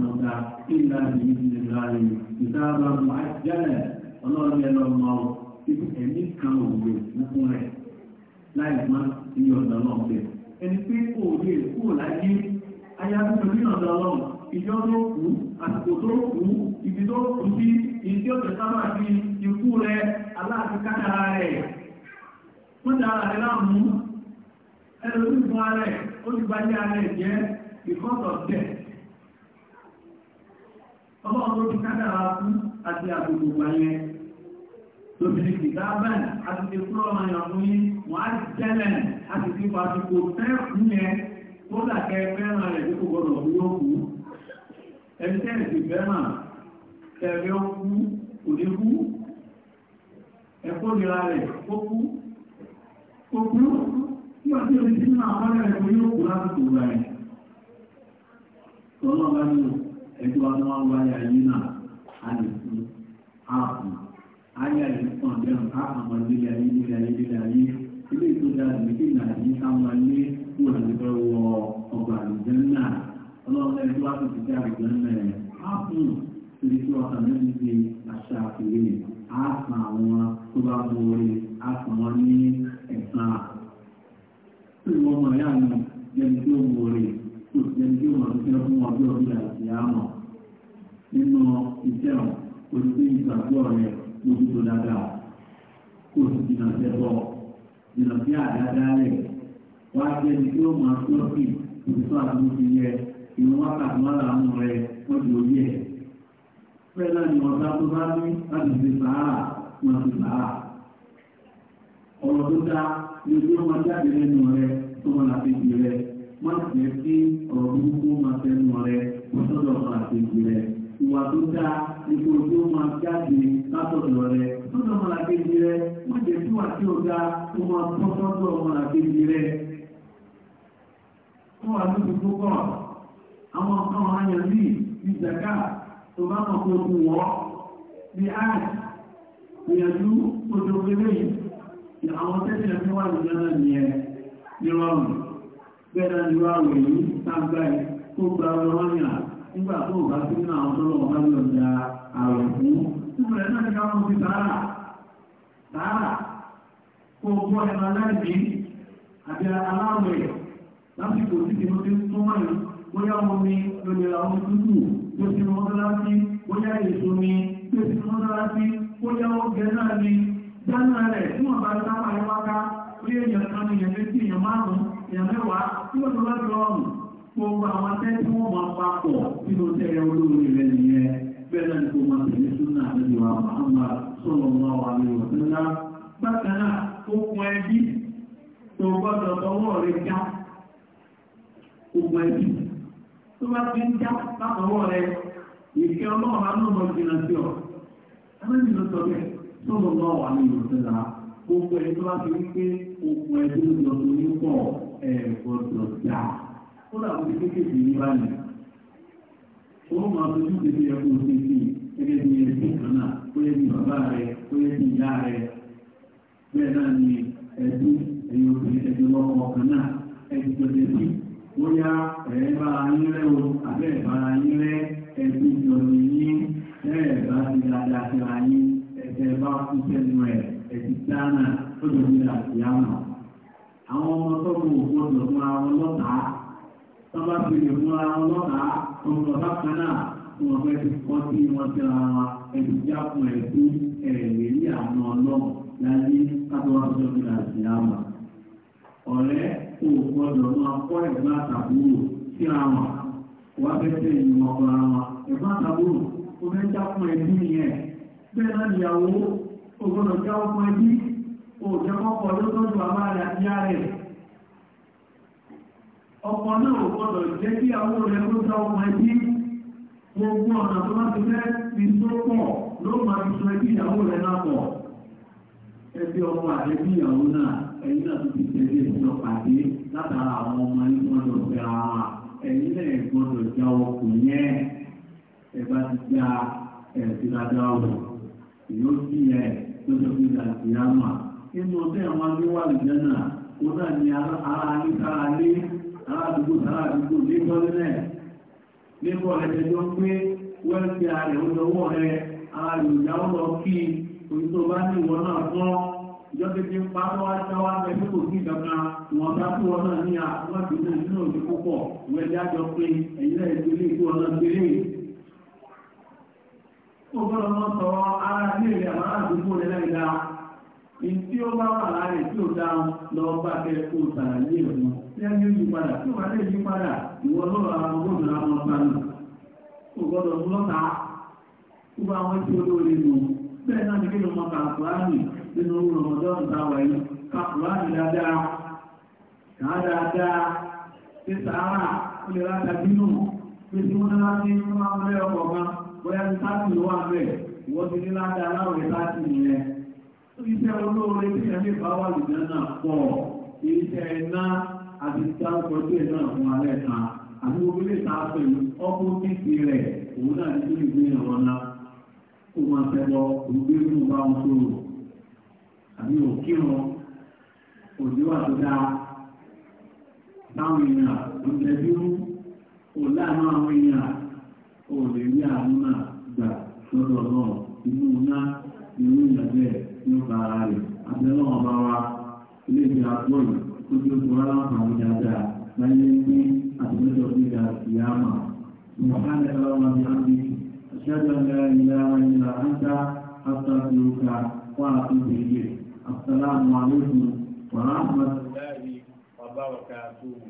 ọlọ́run إلا بإذن الله كتابا معجلا ọlọ́run yẹn lọ mọ ọ ibi ẹ̀mí kan òwe fúnfún rẹ̀ láì má iye ọ̀dọ̀ náà bẹ̀. ẹni pé òye kúrò láyé ayáwó ní ọ̀dọ̀ náà ìjọ tó kú àsìkò tó kú ibi tó kú sí ìdí ọ̀dọ̀ sábà fi ikú rẹ̀ aláàfin kátàrà rẹ̀. wọ́n dá ara rẹ̀ láàmú ẹlòmíì fún ara rẹ̀ ó ti bá yé ara rẹ̀ jẹ́ because of death ọlọ́run ló ti kádàrà kú àti àgbègbè wà yẹn lóbìnrin kìtàbẹ̀ àti ti kúrò ọmọ yàn fún yín wọ́n á tẹ́lẹ̀ àti ti wà ti kò fẹ́ fún yẹn kó dàkẹ́ fẹ́ràn rẹ̀ tó kò gbọdọ̀ fún yóò kú ó ẹgbẹ́ wọn wọn wá yà yín náà a lè fún ààbò ayé àyíkọ́ àbẹ́rùn káàmọ́ nílé ayé nílé ayé nílé ayé ilé ìtọ́jà àdìmẹ́kì náà yí káwọn ilé kó àdìbẹ́ wọ ọgbà àdìjẹ́ náà ọlọ́run ẹni tó wá sì ti dá àdìjẹ́ náà ẹ̀ áàpù torí wọ́n kàn mẹ́rin ti àṣà àfìwé àáfà àwọn tó bá borí àáfà wọn ní ẹ̀sán. Tí wọ́n mọ̀ yá mi jẹ́ni tó borí kò sí ẹni tí ó máa fẹ́ fún ọjọ́ bí àti àmọ̀ nínú iṣẹ́ ọ̀ kò sí pé ìgbàgbọ́ rẹ̀ lójú tó dáadáa kò sí jìnnà sẹ́bọ̀ jìnnà sí àdáadáa rẹ̀ wá sí ẹni tí ó máa fẹ́ sí òṣìṣẹ́ àdúgbò ti yẹ ọ̀rọ̀ tó dá ni ojú ọmọ jáde lẹ́nu tó wọn là fi má jẹ́ kí ọ̀rọ̀ burúkú máa tẹnu rẹ lọ́sọ̀dọ̀ màlàkejì rẹ ìwà tó dáa ipò tó máa jáde látọ̀dọ̀ rẹ lọ́sọ̀dọ̀ màlàkejì rẹ má jẹ́ kí wà tí ó dáa tó máa tọ́ sọ́dọ̀ màlàkejì rẹ. wọ́n wà lóṣù tó kọ̀ àwọn kan àyàn bíi ìjàkà tó bá mọ̀ pé kò wọ́ bí áàdì ìyànjú ojoojúmọ́ yìí àwọn tẹ́sí ẹ̀fín wà bẹ́ẹ̀dá ni wá wè ní sáàgbà ẹ̀ gba ọlọ́yà nígbà tó bá sí ní àwọn tọ́lọ̀ bá lọ da àwẹ̀ fún fún náà ní káwọn ti tààrà tààrà kó gbọ́ àti aláwẹ̀ tó bóyá wọn àwọn tútù tó ti bóyá èso ni tó ti bóyá náà ni dáná rẹ̀ tí wọ́n bá orí èèyàn kan ní èèyàn méjì èèyàn márùn-ún èèyàn mẹ́wàá tí ó tún lọ́jọ́ ọ̀run gbogbo àwọn tẹ́ tí máa papọ̀ nínú tẹ́rẹ olóore rẹ̀ nìyẹn bẹ́ẹ̀ náà ni kò máa tẹ̀lé súnà àti ìwà àmà sọ̀rọ̀ ọmọ wa ní ọ̀sẹ̀lá bákan náà okùn ẹbí tó gbọ́dọ̀ tọwọ́ rẹ̀ já okùn ẹbí tó bá ti ń já látọwọ́ rẹ̀ ìfẹ́ ọlọ́run á lọ́mọ jìnnà gbogbo ẹni tó bá fi wípé okùn ẹbí lọ tó ní pọ̀ ẹ̀ gbọ́dọ̀ dà ó dà bó ti kékeré ní báyìí ó máa fojú tètè ẹkọ tètè gẹ́gẹ́ bí ẹbí kan náà ó yẹ bí bàbá rẹ ó yẹ bí ìyá rẹ bẹ́ẹ̀ náà ni ẹbí ẹ̀yin obìnrin ẹbí lọ́kọ̀ ọ̀kan náà ẹbí tọ́jú ẹbí bóyá ẹ̀ bá yín rẹ o àbẹ́ ẹ̀ bá yín rẹ ẹbí tọ́jú yín ẹ̀ bá ti dáadáa síra yín ẹ̀ bá kú sẹ́nu ẹ̀ ẹ̀sìn dáná tó lọ sí àtìyámọ̀. Àwọn ọmọ tó kù gbọdọ̀ fún ara wọn lọ́tàá. Tọ́ba fún ara wọn tó ń lọ bákan náà fún ọgbẹ́ ti kọ́ sí wọn sí ara wọn. Ẹ̀sìn já fún ẹ̀sìn ẹ̀rẹ̀ ní àná ọlọ́run láyé kábọ̀ wọn tó lọ Ọ̀rẹ́ kò gbọdọ̀ máa kọ́ ẹ̀gbọ́n àtàbúrò sí ara wọn. Wọ́n fẹ́ ìmọ̀ ọ̀gbọ̀n ara Ẹ̀gbọ́n àtàbúrò fún ẹ̀sìn ògbọ́dọ̀ jẹ́ ọkọ̀ ẹbí òjẹ́kọ́kọ́ lọ́tọ́jú àbára ìyá rẹ̀ ọkọ̀ náà ògbọ́dọ̀ jẹ́ kí àwọn rẹ̀ ló sá ọkọ̀ ẹbí gbogbo ọ̀nà tó bá ti fẹ́ fi tó pọ̀ ló máa fi sọ ẹbí ìyàwó rẹ̀ náà pọ̀ ẹbí ọmọ àdébí ìyàwó náà ẹ̀yìn náà tó ti tẹ̀lé ìjọ pàdé gbọ́dọ̀ fẹ́ ọkọ̀ yẹn ẹ ti já ẹ̀ sí lájá ọ̀rọ̀ èyí ó sì lọ́jọ́ ní àtìyámà inú ọdẹ́ àwọn agbéwà ìjẹ́nà ó náà ni ara ní sára lé aládùúgbò sára àdúgbò ní gọ́lẹ́nẹ̀ nígbà ọ̀rẹ́ tẹjọ́ pé wẹ́ẹ̀sì ààrẹ ọjọ́wọ́ rẹ ara rẹ̀ ìjà ó lọ kí orí tó bá ní ìwọ náà fọ́ ìjọ kékeré pàtó aṣáwá ẹgbẹ́ kò sí ìjọba wọn bá tó wọn náà ní àwọn ìgbésẹ̀ nínú òṣèlú púpọ̀ wẹ́ẹ̀sì àjọ pé ẹ̀yìn náà ìgbélé ìgbó ọ̀nà gbélé gbọ́dọ̀ mọ́ sọ ara ní èrè àwọn àdúgbò rẹ̀ láì dáa ìtí ó bá wà láàrin tí ó dáhùn lọ bá kẹ́ kó sàrà ní ẹ̀mọ́ tí a ní padà tí ó bá lè yí padà ìwọ lọ́rọ̀ àwọn gbọ́dọ̀ àwọn ọba nù kò gbọ́dọ̀ mú lọ́ta kó bá wọn tí ó lóore nù bẹ́ẹ̀ náà ní kí ló mọ kàkùránì nínú rọmọdọ́n ta wà yìí kàkùránì dáadáa kàá dáadáa tí sàárà ó lè ráta bínú pé tí wọ́n náà ti máa ń rẹ́ ọkọ̀ kan bóyá ní sáàtì ló wà bẹ́ẹ̀ ìwọ́n ti ní láti aláwẹ̀ sáàtì nìyẹn tó iṣẹ́ olóore tí ẹ̀mí bá wà lùdẹ́ náà pọ̀ iṣẹ́ iná àti dárúkọ sí ẹ̀ náà fún alẹ́ kan àti gbogbo ilé ìta pẹ̀lú ọkọ̀ títì rẹ̀ òun náà ní kí ìgbé ìrọ̀ náà kó máa tẹ́lọ olùgbé inú bá wọn sòrò àbí òkírun òjò wà tó dáa táwọn èèyàn òjẹ̀bí òláàmú àwọn èèyàn òòrè ní àánú náà gbà lọ́dọ̀ náà inú ná inú ìyàgbẹ́ ní ọba ara rẹ̀ abẹ́lẹ́ ọba wa ilé ìgbà gbọ́dọ̀ tó tí ó ti wá láǹfààní dáadáa láyé ní àtúntò ìgbà ìyáàmà mọ̀hánà ẹlọ́wọ́ ní àbí ṣẹ́jọ́ ní ilé ara ìlà áńtà áńtà tí ó ka wà á tún lè yẹ àtàlámù alẹ́kùn wàhánà ẹlọ́wọ́ ní àbí ọba ọ̀ka tó wù.